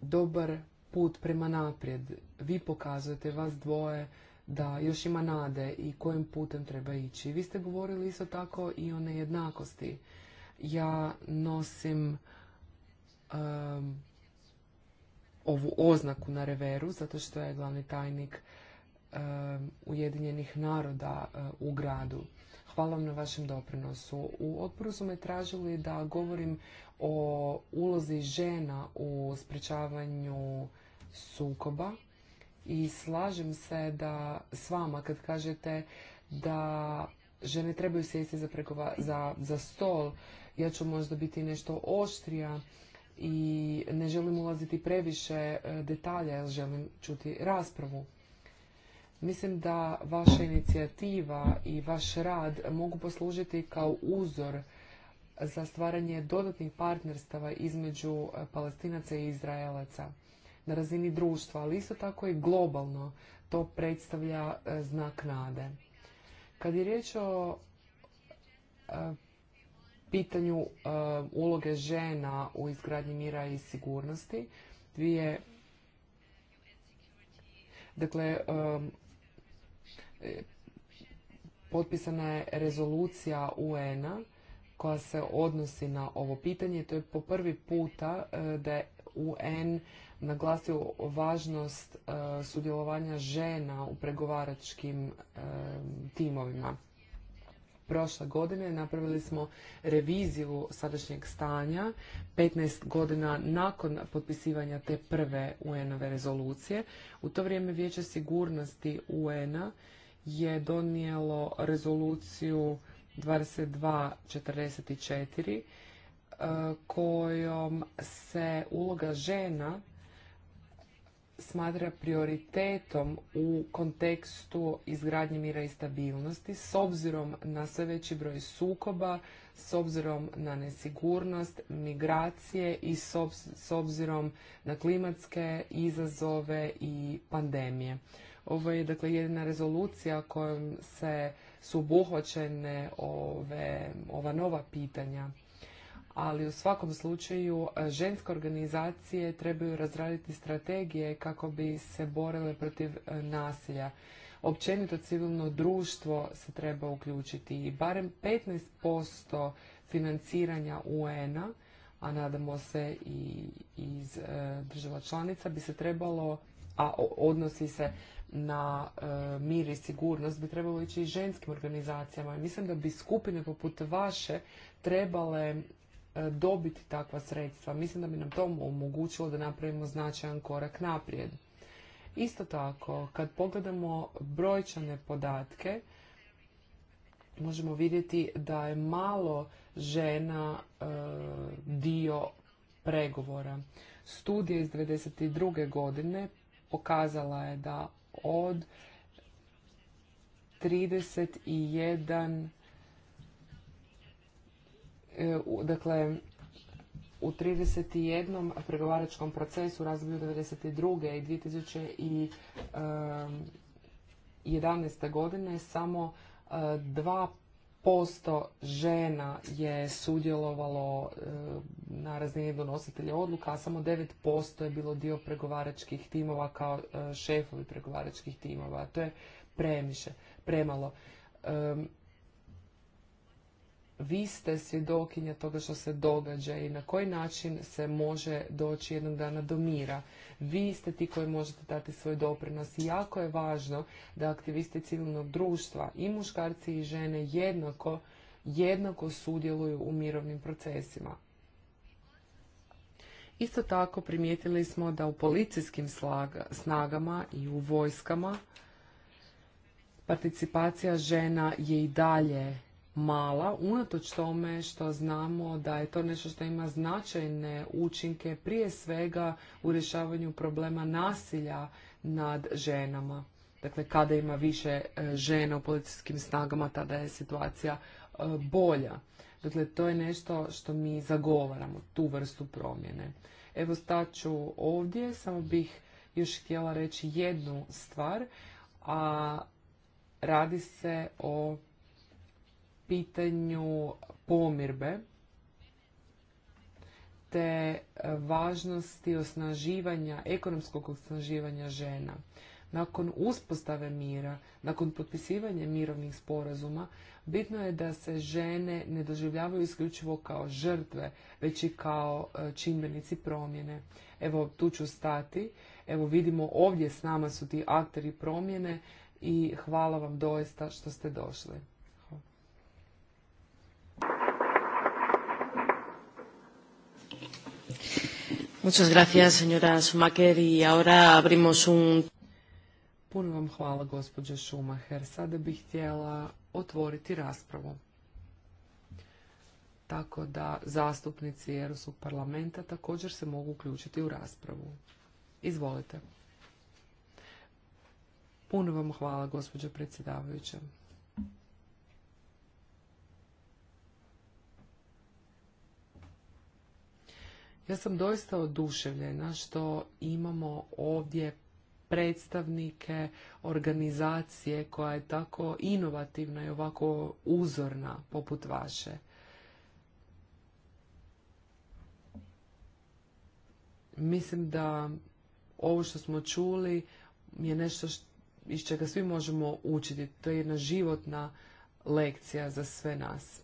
dobar put prema naprijed. Vi pokazujete vas dvoje da još ima nade i kojim putem treba ići. Vi ste govorili isto tako i o nejednakosti. Ja nosim ovu oznaku na reveru zato što je glavni tajnik Ujedinjenih naroda e, u gradu. Hvala vam na vašem doprinosu. U odboru su me tražili da govorim o ulozi žena u sprečavanju sukoba i slažem se da s vama kad kažete da žene trebaju sjesti za, za stol. Ja ću možda biti nešto oštrija i ne želim ulaziti previše e, detalja jer želim čuti raspravu. Mislim da vaša inicijativa i vaš rad mogu poslužiti kao uzor za stvaranje dodatnih partnerstava između e, palestinaca i izraelaca na razini društva, ali isto tako i globalno to predstavlja e, znak nade. Kad je riječ o e, pitanju uloge žena u izgradnji mira i sigurnosti, dvije Dakle, E, potpisana je rezolucija UN-a koja se odnosi na ovo pitanje. To je po prvi puta e, da je UN naglasio važnost e, sudjelovanja žena u pregovaračkim timovima. Prošle godine napravili smo reviziju sadašnjeg stanja 15 godina nakon potpisivanja te prve UN-ove rezolucije. U to vrijeme Vijeće sigurnosti UN-a je donijelo rezoluciju 2244 e, kojom se uloga žena smatra prioritetom u kontekstu izgradnje mira i stabilnosti s obzirom na sve veći broj sukoba, s obzirom na nesigurnost, migracije i s obzirom na klimatske izazove i pandemije. Ovo je dakle jedina rezolucija kojom se su obuhvaćene ove, ova nova pitanja. Ali u svakom slučaju ženske organizacije trebaju razraditi strategije kako bi se borile protiv e, nasilja. Općenito civilno društvo se treba uključiti i barem 15% financiranja UN-a, a nadamo se i iz e, država članica, bi se trebalo, a odnosi se na e, mir i sigurnost bi trebalo ići i ženskim organizacijama. mislim da bi skupine poput vaše trebale e, dobiti takva sredstva. Mislim da bi nam to omogućilo da napravimo značajan korak naprijed. Isto tako, kad pogledamo brojčane podatke, možemo vidjeti da je malo žena e, dio pregovora. Studija iz 1992. godine pokazala je da od 31 e, dakle u 31. pregovaračkom procesu u razdoblju 1992. i 2011. E, godine samo e, dva posto žena je sudjelovalo e, na razini donositelja odluka, a samo 9% je bilo dio pregovaračkih timova kao e, šefovi pregovaračkih timova. To je premiše, premalo vi ste svjedokinja toga što se događa i na koji način se može doći jednog dana do mira. Vi ste ti koji možete dati svoj doprinos i jako je važno da aktivisti civilnog društva i muškarci i žene jednako, jednako sudjeluju u mirovnim procesima. Isto tako primijetili smo da u policijskim snagama i u vojskama participacija žena je i dalje mala, unatoč tome što znamo da je to nešto što ima značajne učinke prije svega u rješavanju problema nasilja nad ženama. Dakle, kada ima više e, žena u policijskim snagama, tada je situacija e, bolja. Dakle, to je nešto što mi zagovaramo, tu vrstu promjene. Evo, staću ovdje, samo bih još htjela reći jednu stvar, a radi se o pitanju pomirbe te važnosti osnaživanja, ekonomskog osnaživanja žena. Nakon uspostave mira, nakon potpisivanja mirovnih sporazuma, bitno je da se žene ne doživljavaju isključivo kao žrtve, već i kao e, čimbenici promjene. Evo, tu ću stati. Evo, vidimo ovdje s nama su ti akteri promjene i hvala vam doista što ste došli. Muchas gracias, señora Schumacher. Y ahora abrimos un... Puno vam hvala, gospođo Schumacher. Sada bih htjela otvoriti raspravu. Tako da zastupnici Europskog parlamenta također se mogu uključiti u raspravu. Izvolite. Puno vam hvala, gospođo predsjedavajuća. Ja sam doista oduševljena što imamo ovdje predstavnike organizacije koja je tako inovativna i ovako uzorna poput vaše. Mislim da ovo što smo čuli je nešto iz čega svi možemo učiti. To je jedna životna lekcija za sve nas.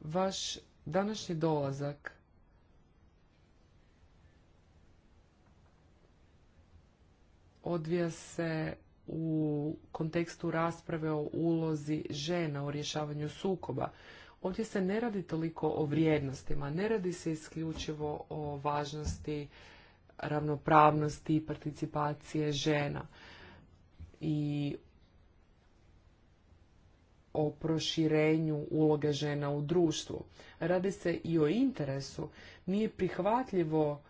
Vaš Današnji dolazak odvija se u kontekstu rasprave o ulozi žena u rješavanju sukoba. Ovdje se ne radi toliko o vrijednostima, ne radi se isključivo o važnosti ravnopravnosti i participacije žena i o proširenju uloge žena u društvu. Radi se i o interesu. Nije prihvatljivo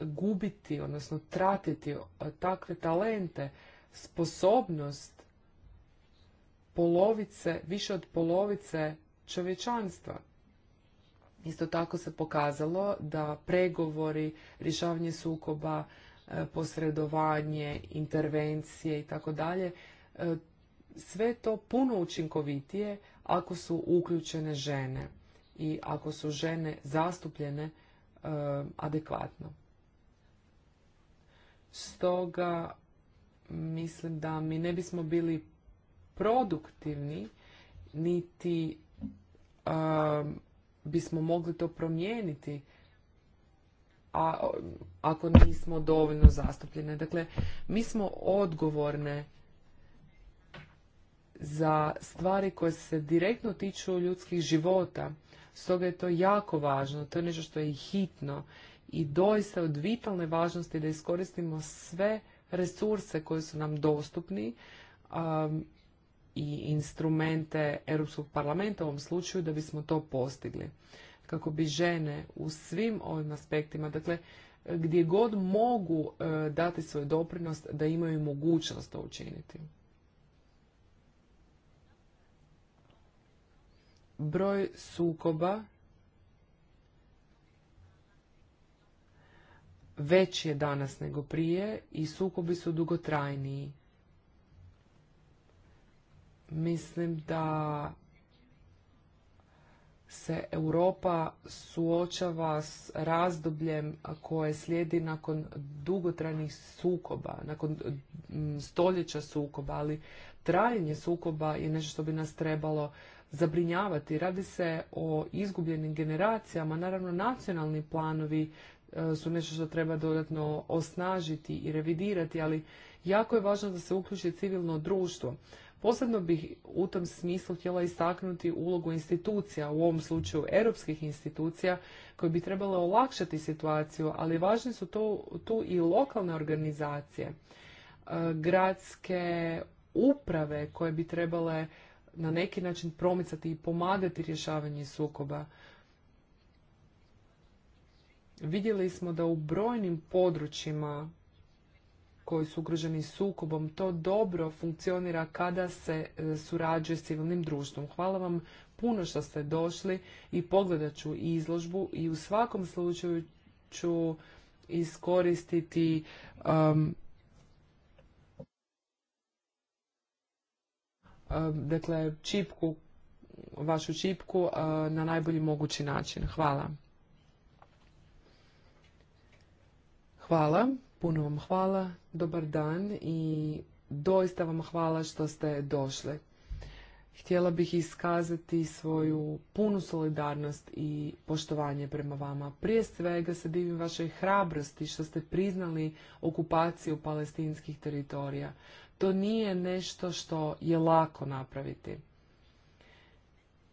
gubiti, odnosno tratiti takve talente, sposobnost polovice, više od polovice čovječanstva. Isto tako se pokazalo da pregovori, rješavanje sukoba, e, posredovanje, intervencije i tako dalje E, sve to puno učinkovitije ako su uključene žene i ako su žene zastupljene e, adekvatno. Stoga mislim da mi ne bismo bili produktivni niti e, bismo mogli to promijeniti a, ako nismo dovoljno zastupljene. Dakle, mi smo odgovorne za stvari koje se direktno tiču ljudskih života. Stoga je to jako važno, to je nešto što je hitno i doista od vitalne važnosti da iskoristimo sve resurse koje su nam dostupni um, i instrumente Europskog parlamenta u ovom slučaju da bismo to postigli. Kako bi žene u svim ovim aspektima, dakle gdje god mogu uh, dati svoj doprinos da imaju mogućnost to učiniti. broj sukoba veći je danas nego prije i sukobi su dugotrajniji. Mislim da se Europa suočava s razdobljem koje slijedi nakon dugotrajnih sukoba, nakon mm, stoljeća sukoba, ali trajanje sukoba je nešto što bi nas trebalo zabrinjavati. Radi se o izgubljenim generacijama. Naravno, nacionalni planovi e, su nešto što treba dodatno osnažiti i revidirati, ali jako je važno da se uključi civilno društvo. Posebno bih u tom smislu htjela istaknuti ulogu institucija, u ovom slučaju europskih institucija, koje bi trebale olakšati situaciju, ali važne su to, tu i lokalne organizacije, e, gradske uprave koje bi trebale na neki način promicati i pomagati rješavanje sukoba. Vidjeli smo da u brojnim područjima koji su ugroženi sukobom, to dobro funkcionira kada se e, surađuje s civilnim društvom. Hvala vam puno što ste došli i pogledat ću izložbu i u svakom slučaju ću iskoristiti dakle, čipku, vašu čipku na najbolji mogući način. Hvala. Hvala, puno vam hvala, dobar dan i doista vam hvala što ste došli. Htjela bih iskazati svoju punu solidarnost i poštovanje prema vama. Prije svega se divim vašoj hrabrosti što ste priznali okupaciju palestinskih teritorija. To nije nešto što je lako napraviti.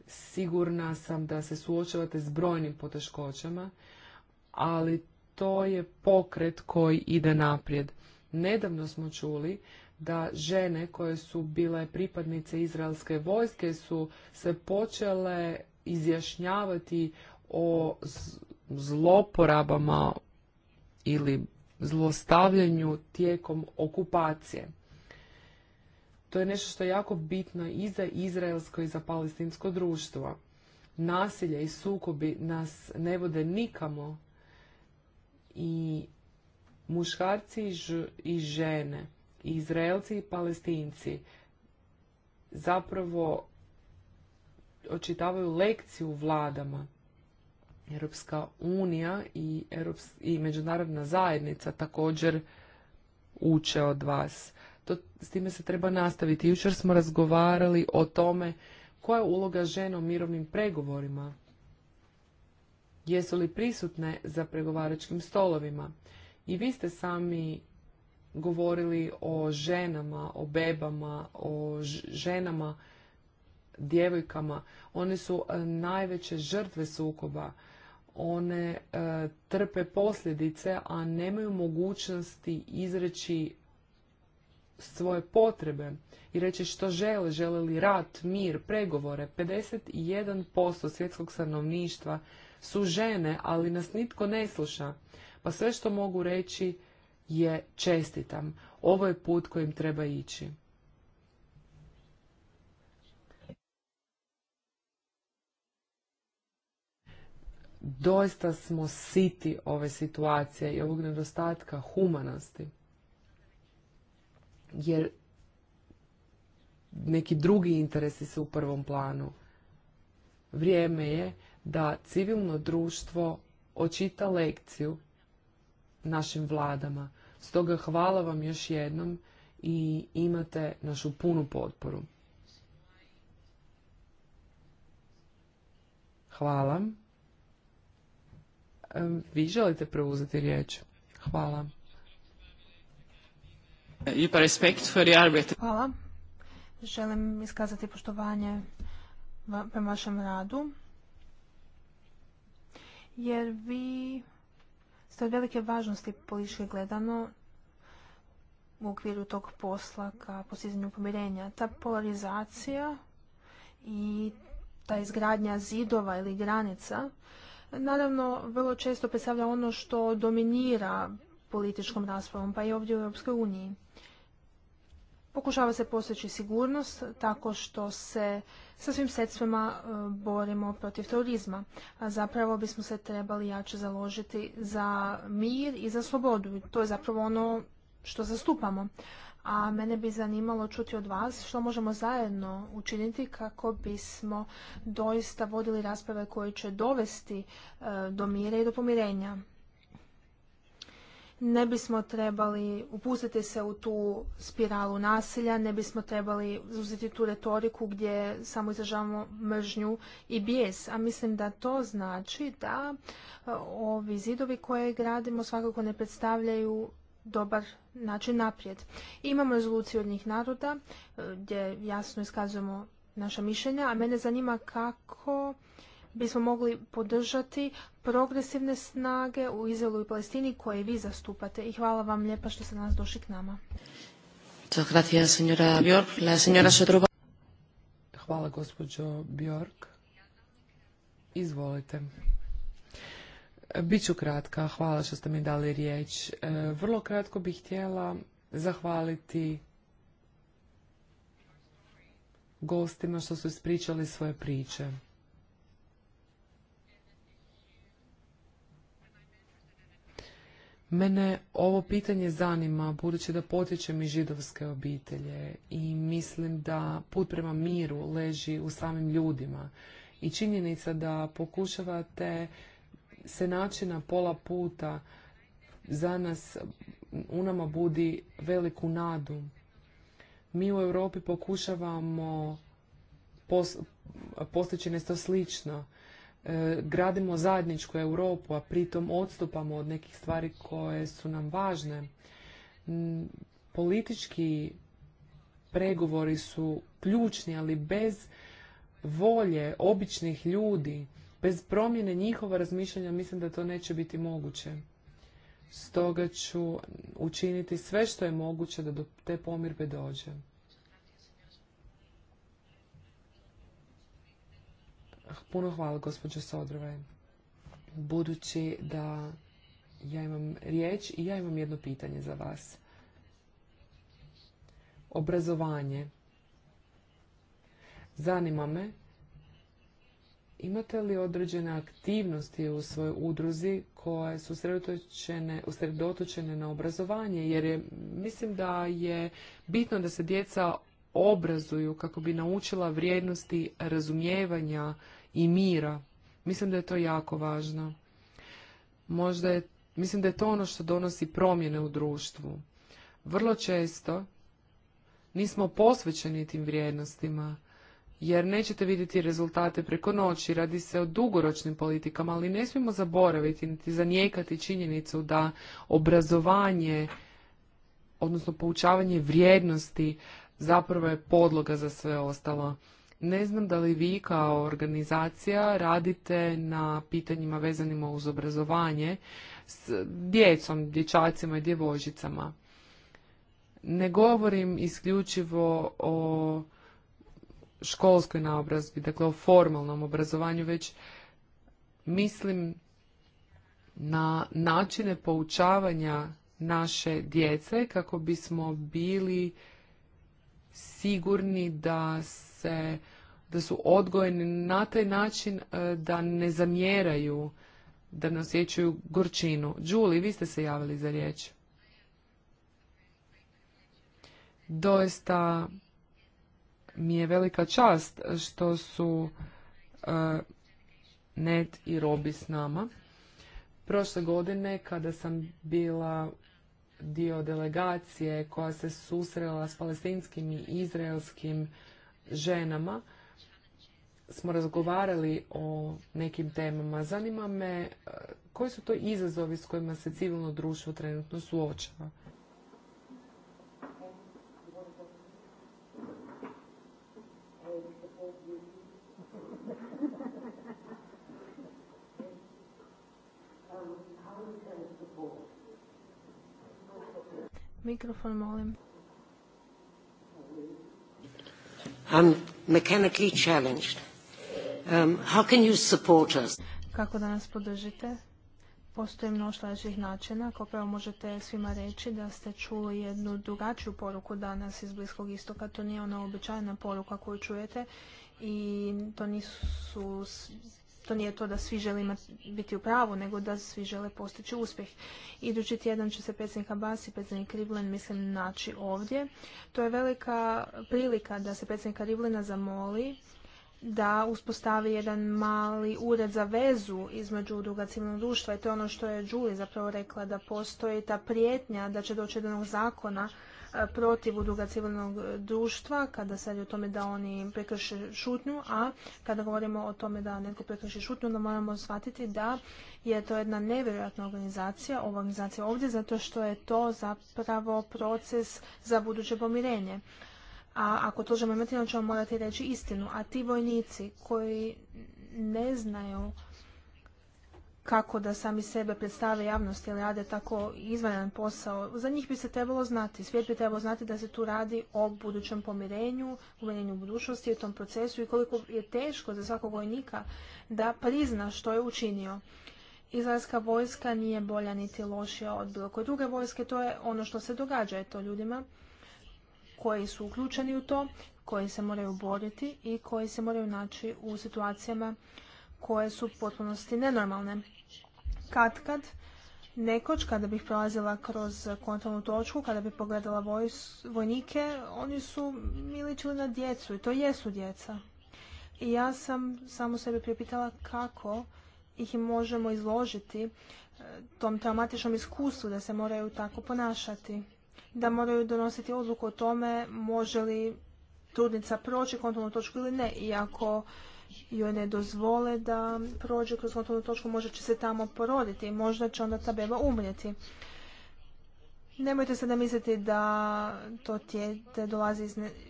Sigurna sam da se suočavate s brojnim poteškoćama, ali to je pokret koji ide naprijed. Nedavno smo čuli da žene koje su bile pripadnice izraelske vojske su se počele izjašnjavati o zloporabama ili zlostavljanju tijekom okupacije. To je nešto što je jako bitno i za izraelsko i za palestinsko društvo. Nasilje i sukobi nas ne vode nikamo i muškarci i žene, i izraelci i palestinci zapravo očitavaju lekciju vladama. Europska unija i, i međunarodna zajednica također uče od vas to, s time se treba nastaviti. Jučer smo razgovarali o tome koja je uloga žena u mirovnim pregovorima. Jesu li prisutne za pregovaračkim stolovima? I vi ste sami govorili o ženama, o bebama, o ženama, djevojkama. One su e, najveće žrtve sukoba. One e, trpe posljedice, a nemaju mogućnosti izreći svoje potrebe i reći što žele, žele li rat, mir, pregovore. 51% svjetskog stanovništva su žene, ali nas nitko ne sluša. Pa sve što mogu reći je čestitam. Ovo je put kojim treba ići. Doista smo siti ove situacije i ovog nedostatka humanosti jer neki drugi interesi su u prvom planu. Vrijeme je da civilno društvo očita lekciju našim vladama. Stoga hvala vam još jednom i imate našu punu potporu. Hvala. Vi želite preuzeti riječ? Hvala. Eh, Hvala. Želim iskazati poštovanje prema vašem radu, jer vi ste od velike važnosti politički gledano u okviru tog posla ka postizanju pomirenja. Ta polarizacija i ta izgradnja zidova ili granica naravno vrlo često predstavlja ono što dominira političkom raspravom, pa i ovdje u Europskoj uniji. Pokušava se postići sigurnost tako što se sa svim sredstvima e, borimo protiv terorizma. A zapravo bismo se trebali jače založiti za mir i za slobodu. To je zapravo ono što zastupamo. A mene bi zanimalo čuti od vas što možemo zajedno učiniti kako bismo doista vodili rasprave koje će dovesti e, do mira i do pomirenja ne bismo trebali upustiti se u tu spiralu nasilja, ne bismo trebali uzeti tu retoriku gdje samo izražavamo mržnju i bijes. A mislim da to znači da e, ovi zidovi koje gradimo svakako ne predstavljaju dobar način naprijed. Imamo rezoluciju od njih naroda e, gdje jasno iskazujemo naša mišljenja, a mene zanima kako bismo mogli podržati progresivne snage u Izraelu i Palestini koje vi zastupate i hvala vam lijepa što ste nas došli k nama. Hvala gospođo Bjork. Izvolite. Biću kratka, hvala što ste mi dali riječ. E, vrlo kratko bih htjela zahvaliti gostima što su ispričali svoje priče. Mene ovo pitanje zanima, budući da potječem iz židovske obitelje i mislim da put prema miru leži u samim ljudima i činjenica da pokušavate se naći na pola puta za nas u nama budi veliku nadu. Mi u Europi pokušavamo postići nešto slično. E, gradimo zajedničku Europu, a pritom odstupamo od nekih stvari koje su nam važne. Politički pregovori su ključni, ali bez volje običnih ljudi, bez promjene njihova razmišljanja, mislim da to neće biti moguće. Stoga ću učiniti sve što je moguće da do te pomirbe dođe. Puno hvala, gospođo Sodrove. Budući da ja imam riječ i ja imam jedno pitanje za vas. Obrazovanje. Zanima me, imate li određene aktivnosti u svojoj udruzi koje su usredotočene na obrazovanje? Jer mislim da je bitno da se djeca obrazuju kako bi naučila vrijednosti razumijevanja i mira. Mislim da je to jako važno. Možda je, mislim da je to ono što donosi promjene u društvu. Vrlo često nismo posvećeni tim vrijednostima, jer nećete vidjeti rezultate preko noći, radi se o dugoročnim politikama, ali ne smijemo zaboraviti niti zanijekati činjenicu da obrazovanje, odnosno poučavanje vrijednosti zapravo je podloga za sve ostalo. Ne znam da li vi kao organizacija radite na pitanjima vezanima uz obrazovanje s djecom, dječacima i djevojčicama. Ne govorim isključivo o školskoj naobrazbi, dakle o formalnom obrazovanju, već mislim na načine poučavanja naše djece kako bismo bili sigurni da se da su odgojeni na taj način e, da ne zamjeraju, da ne osjećaju gorčinu. Đuli, vi ste se javili za riječ. Doista mi je velika čast što su uh, Ned i Robi s nama. Prošle godine kada sam bila dio delegacije koja se susrela s palestinskim i izraelskim ženama smo razgovarali o nekim temama. Zanima me e, koji su to izazovi s kojima se civilno društvo trenutno suočava? Mikrofon molim. I'm mechanically challenged. Um, how can you support us? Kako da nas podržite? Postoji mnoštvo različitih načina. Ako pravo možete svima reći da ste čuli jednu drugačiju poruku danas iz Bliskog istoka. To nije ona običajna poruka koju čujete i to nisu to nije to da svi žele imati, biti u pravu, nego da svi žele postići uspjeh. Idući tjedan će se predsjednik Abbas i predsjednik Rivlin, mislim, naći ovdje. To je velika prilika da se predsjednika Rivlina zamoli da uspostavi jedan mali ured za vezu između udruga civilnog društva i to je ono što je Julie zapravo rekla da postoji ta prijetnja da će doći do jednog zakona protiv udruga civilnog društva kada se radi o tome da oni prekrše šutnju, a kada govorimo o tome da netko prekrši šutnju, onda moramo shvatiti da je to jedna nevjerojatna organizacija, ova organizacija ovdje, zato što je to zapravo proces za buduće pomirenje. A ako to želimo imati, onda ćemo morati reći istinu. A ti vojnici koji ne znaju kako da sami sebe predstave javnosti ili rade tako izvanjan posao. Za njih bi se trebalo znati, svijet bi trebalo znati da se tu radi o budućem pomirenju, umirenju budućnosti, u tom procesu i koliko je teško za svakog vojnika da prizna što je učinio. Izraelska vojska nije bolja niti lošija od bilo koje druge vojske, to je ono što se događa je to ljudima koji su uključeni u to, koji se moraju boriti i koji se moraju naći u situacijama koje su u potpunosti nenormalne. Kad kad, nekoć kada bih prolazila kroz kontrolnu točku, kada bih pogledala vojnike, oni su miličili na djecu i to jesu djeca. I ja sam samo sebe pripitala kako ih možemo izložiti e, tom traumatičnom iskustvu da se moraju tako ponašati, da moraju donositi odluku o tome može li trudnica proći kontrolnu točku ili ne, iako joj ne dozvole da prođe kroz kontrolnu točku, možda će se tamo poroditi možda će onda ta beba umrijeti. Nemojte se da misliti da to tijete dolazi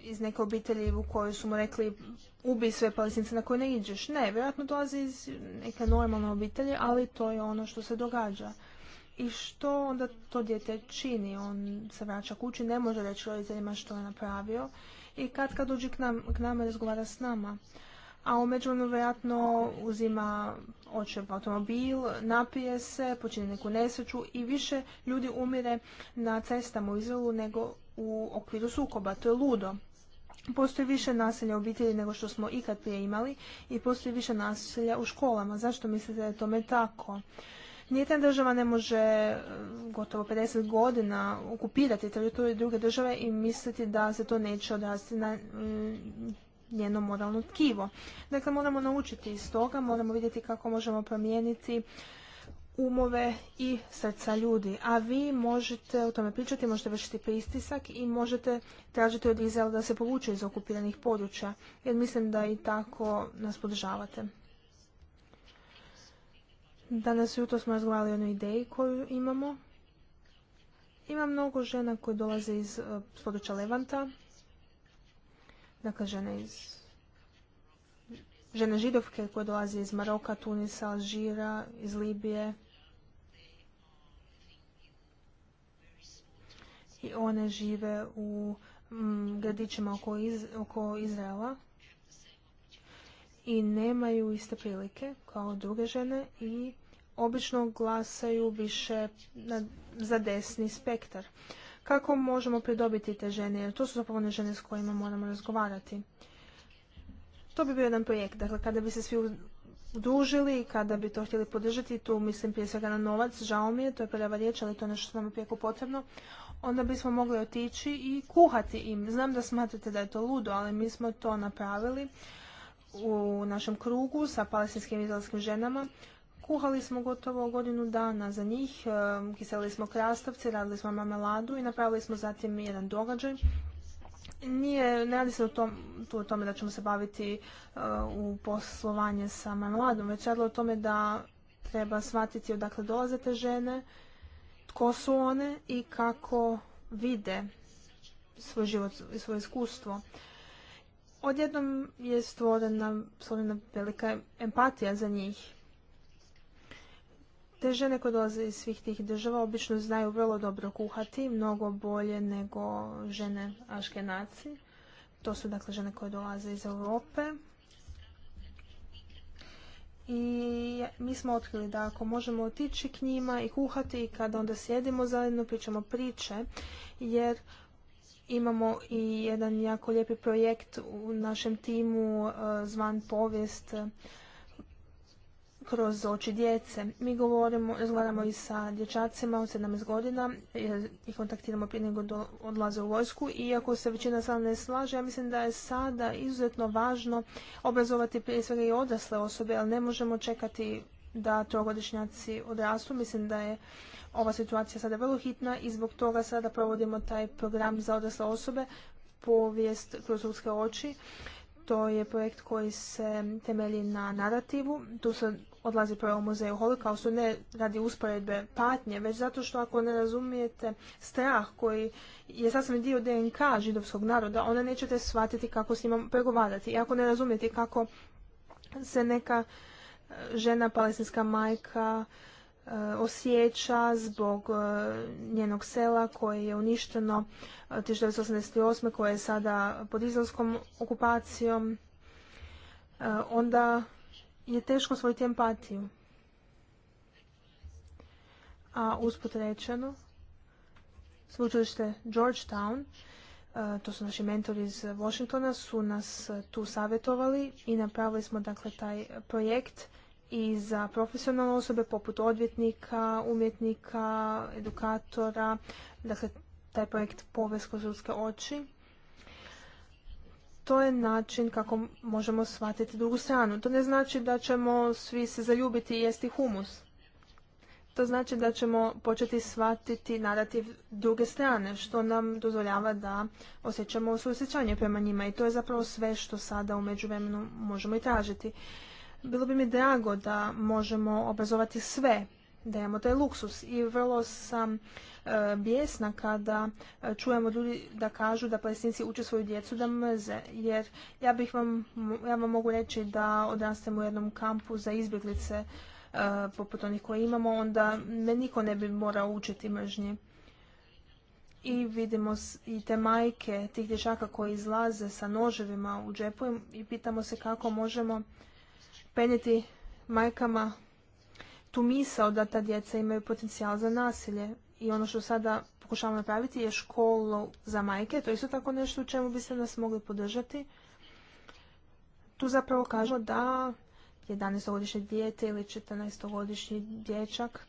iz, neke obitelji u kojoj su mu rekli ubi sve palestince na koje ne iđeš. Ne, vjerojatno dolazi iz neke normalne obitelji, ali to je ono što se događa. I što onda to dijete čini? On se vraća kući, ne može reći roditeljima što je napravio. I kad kad dođe k, nam, k nama razgovara s nama a umeđu vjerojatno uzima očev automobil, napije se, počine neku nesreću i više ljudi umire na cestama u Izraelu nego u okviru sukoba. To je ludo. Postoji više nasilja u obitelji nego što smo ikad prije imali i postoji više nasilja u školama. Zašto mislite da je tome tako? Nijedna država ne može eh, gotovo 50 godina okupirati teritoriju druge države i misliti da se to neće odrasti na mm, njeno moralno tkivo. Dakle, moramo naučiti iz toga, moramo vidjeti kako možemo promijeniti umove i srca ljudi. A vi možete o tome pričati, možete vršiti pristisak i možete tražiti od izela da se povuče iz okupiranih područja, jer mislim da i tako nas podržavate. Danas jutro smo razgovarali o ideji koju imamo. Ima mnogo žena koje dolaze iz eh, područja Levanta, Dakle, žene iz žene židovke koje dolaze iz Maroka, Tunisa, Alžira, iz Libije. I one žive u mm, gradićima oko, iz, oko Izraela i nemaju iste prilike kao druge žene i obično glasaju više na, za desni spektar kako možemo pridobiti te žene, jer to su zapravo one žene s kojima moramo razgovarati. To bi bio jedan projekt, dakle kada bi se svi udružili kada bi to htjeli podržati, tu mislim prije svega na novac, žao mi je, to je prava riječ, ali to je nešto što nam je prijeko potrebno, onda bismo mogli otići i kuhati im. Znam da smatrate da je to ludo, ali mi smo to napravili u našem krugu sa palestinskim i izraelskim ženama Kuhali smo gotovo godinu dana za njih, e, kiselili smo krastavce, radili smo mameladu i napravili smo zatim jedan događaj. Nije, ne radi se o tu o tome da ćemo se baviti e, u poslovanje sa mameladom, već radilo o tome da treba shvatiti odakle dolaze te žene, tko su one i kako vide svoj život i svoje iskustvo. Odjednom je stvorena velika empatija za njih te žene koje dolaze iz svih tih država obično znaju vrlo dobro kuhati, mnogo bolje nego žene aškenaci. To su dakle žene koje dolaze iz Europe. I mi smo otkrili da ako možemo otići k njima i kuhati i kada onda sjedimo zajedno pričamo priče, jer imamo i jedan jako lijepi projekt u našem timu eh, zvan povijest kroz oči djece. Mi govorimo, razgovaramo i sa dječacima od 17 godina i kontaktiramo prije nego odlaze u vojsku. Iako se većina sada ne slaže, ja mislim da je sada izuzetno važno obrazovati prije svega i odrasle osobe, ali ne možemo čekati da trogodišnjaci odrastu. Mislim da je ova situacija sada vrlo hitna i zbog toga sada provodimo taj program za odrasle osobe, povijest kroz ruske oči. To je projekt koji se temelji na narativu. Tu se odlazi prvo u muzeju holokaustu, ne radi usporedbe patnje, već zato što ako ne razumijete strah koji je sasvim dio DNK židovskog naroda, onda nećete shvatiti kako s njima pregovarati. I ako ne razumijete kako se neka e, žena, palestinska majka, e, osjeća zbog e, njenog sela koje je uništeno 1988. koje je sada pod izraelskom okupacijom, onda je teško svojiti empatiju. A usput rečeno, sveučilište Georgetown, e, to su naši mentori iz Washingtona, su nas e, tu savjetovali i napravili smo dakle taj projekt i za profesionalne osobe poput odvjetnika, umjetnika, edukatora, dakle taj projekt povijesko kroz ljudske oči to je način kako možemo shvatiti drugu stranu. To ne znači da ćemo svi se zaljubiti i jesti humus. To znači da ćemo početi shvatiti narativ druge strane, što nam dozvoljava da osjećamo susjećanje prema njima i to je zapravo sve što sada u međuvremenu možemo i tražiti. Bilo bi mi drago da možemo obrazovati sve da imamo taj luksus. I vrlo sam e, bijesna kada e, čujemo ljudi da kažu da palestinci uče svoju djecu da mrze. Jer ja bih vam, ja vam mogu reći da odrastem u jednom kampu za izbjeglice e, poput onih koje imamo, onda me niko ne bi morao učiti mržnji. I vidimo i te majke tih dječaka koji izlaze sa noževima u džepu i pitamo se kako možemo penjeti majkama tu misao da ta djeca imaju potencijal za nasilje. I ono što sada pokušavamo napraviti je školu za majke. To je isto tako nešto u čemu se nas mogli podržati. Tu zapravo kažemo da 11-godišnje dijete ili 14-godišnji dječak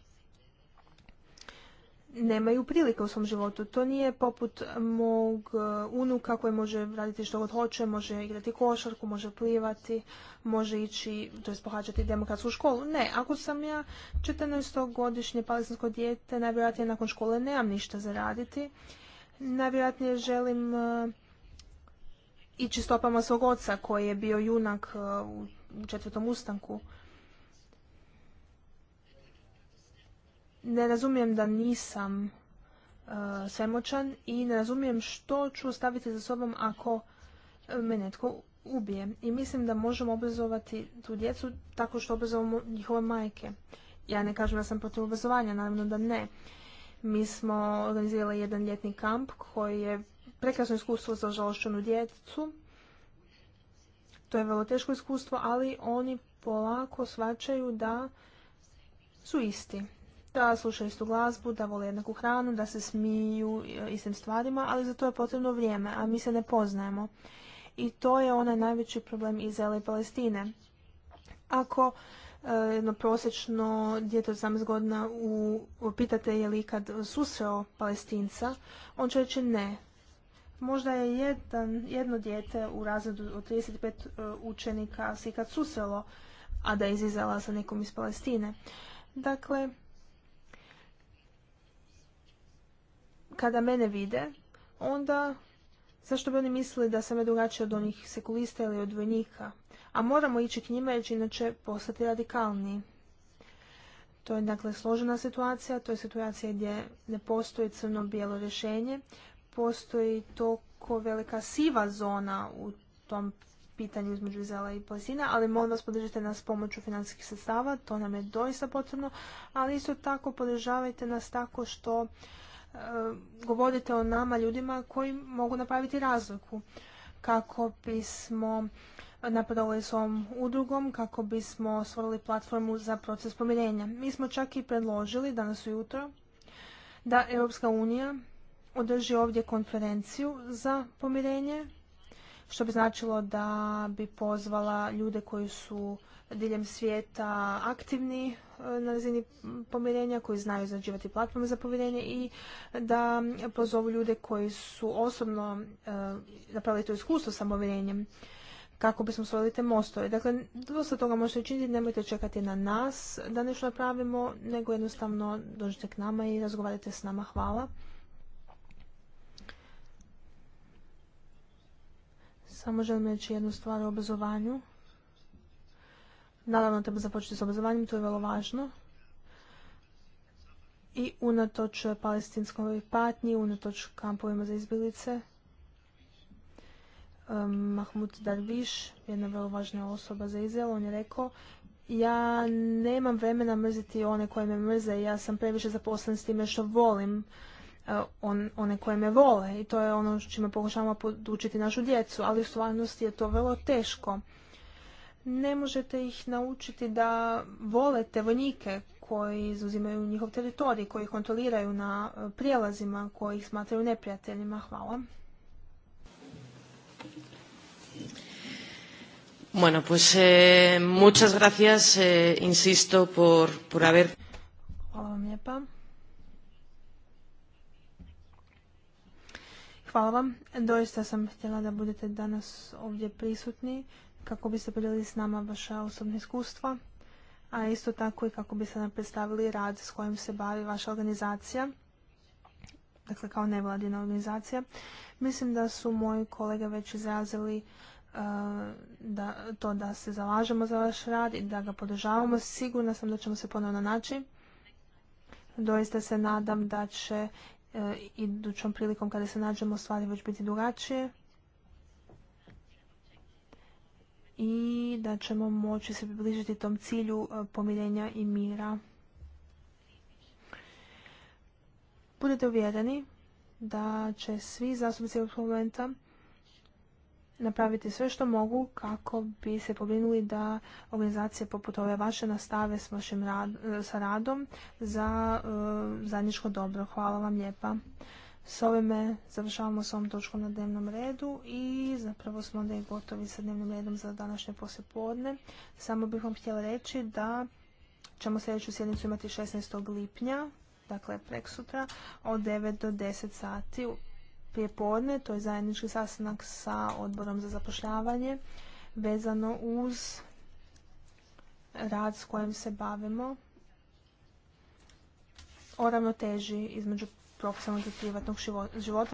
nemaju prilike u svom životu. To nije poput mog e, unuka koji može raditi što god hoće, može igrati košarku, može plivati, može ići, to jest pohađati demokratsku školu. Ne, ako sam ja 14-godišnje palestinsko dijete, najvjerojatnije nakon škole nemam ništa za raditi. Najvjerojatnije želim e, ići stopama svog oca koji je bio junak e, u četvrtom ustanku. ne razumijem da nisam uh, svemoćan i ne razumijem što ću ostaviti za sobom ako e, me netko ubije. I mislim da možemo obrazovati tu djecu tako što obrazovamo njihove majke. Ja ne kažem da sam protiv obrazovanja, naravno da ne. Mi smo organizirali jedan ljetni kamp koji je prekrasno iskustvo za žalošćenu djecu. To je vrlo teško iskustvo, ali oni polako svačaju da su isti da slušaju istu glazbu, da vole jednaku hranu, da se smiju e, istim stvarima, ali za to je potrebno vrijeme, a mi se ne poznajemo. I to je onaj najveći problem Izraela i Palestine. Ako e, jedno prosječno djete od 18 godina u, pitate je li ikad susreo palestinca, on će reći ne. Možda je jedno dijete u razredu od 35 e, učenika se ikad susrelo, a da je iz sa nekom iz Palestine. Dakle, kada mene vide, onda zašto bi oni mislili da sam ja drugačija od onih sekulista ili od vojnika? A moramo ići k njima jer će inače postati radikalni. To je dakle složena situacija, to je situacija gdje ne postoji crno-bijelo rješenje, postoji toliko velika siva zona u tom pitanju između zela i Palestina, ali molim vas podržite nas pomoću financijskih sredstava, to nam je doista potrebno, ali isto tako podržavajte nas tako što Eh, govorite o nama ljudima koji mogu napraviti razliku kako bismo napravili s ovom udrugom, kako bismo stvorili platformu za proces pomirenja. Mi smo čak i predložili danas ujutro da Europska unija održi ovdje konferenciju za pomirenje što bi značilo da bi pozvala ljude koji su diljem svijeta aktivni e, na razini pomirenja, koji znaju izrađivati platforme za povjerenje i da pozovu ljude koji su osobno e, napravili to iskustvo sa pomirenjem kako bismo stvorili te mostove. Dakle, dosta toga možete učiniti, nemojte čekati na nas da nešto napravimo, nego jednostavno dođite k nama i razgovarajte s nama. Hvala. Samo želim reći jednu stvar o obrazovanju. Naravno, treba započeti s obrazovanjem, to je vrlo važno. I unatoč palestinskoj patnji, unatoč kampovima za izbjeglice, Mahmud Darviš, jedna vrlo važna osoba za Izrael, on je rekao ja nemam vremena mrziti one koje me mrze, ja sam previše zaposlen s time što volim E, on, one koje me vole i to je ono čime pokušavamo podučiti našu djecu, ali u stvarnosti je to vrlo teško. Ne možete ih naučiti da vole te vojnike koji izuzimaju njihov teritorij, koji ih kontroliraju na e, prijelazima, koji ih smatraju neprijateljima. Hvala. Bueno, pues eh, muchas gracias, eh, insisto, por, por haber... Hvala vam lijepa. Hvala vam. Doista sam htjela da budete danas ovdje prisutni kako biste podijelili s nama vaše osobne iskustva, a isto tako i kako biste nam predstavili rad s kojim se bavi vaša organizacija, dakle kao nevladina organizacija. Mislim da su moji kolege već izrazili e, to da se zalažemo za vaš rad i da ga podržavamo. Sigurna sam da ćemo se ponovno naći doista se nadam da će E, idućom prilikom kada se nađemo stvari već biti drugačije i da ćemo moći se približiti tom cilju e, pomirenja i mira. Budete uvjereni da će svi zastupnici Europskog parlamenta napraviti sve što mogu kako bi se pobrinuli da organizacije poput ove vaše nastave s vašim sa radom za uh, zajedničko dobro. Hvala vam lijepa. S ovime završavamo s ovom točkom na dnevnom redu i zapravo smo onda i gotovi sa dnevnim redom za današnje poslijepodne. Samo bih vam htjela reći da ćemo sljedeću sjednicu imati 16. lipnja, dakle preksutra, od 9 do 10 sati prije podne, to je zajednički sastanak sa odborom za zapošljavanje vezano uz rad s kojim se bavimo o ravnoteži između profesionalnog i privatnog života.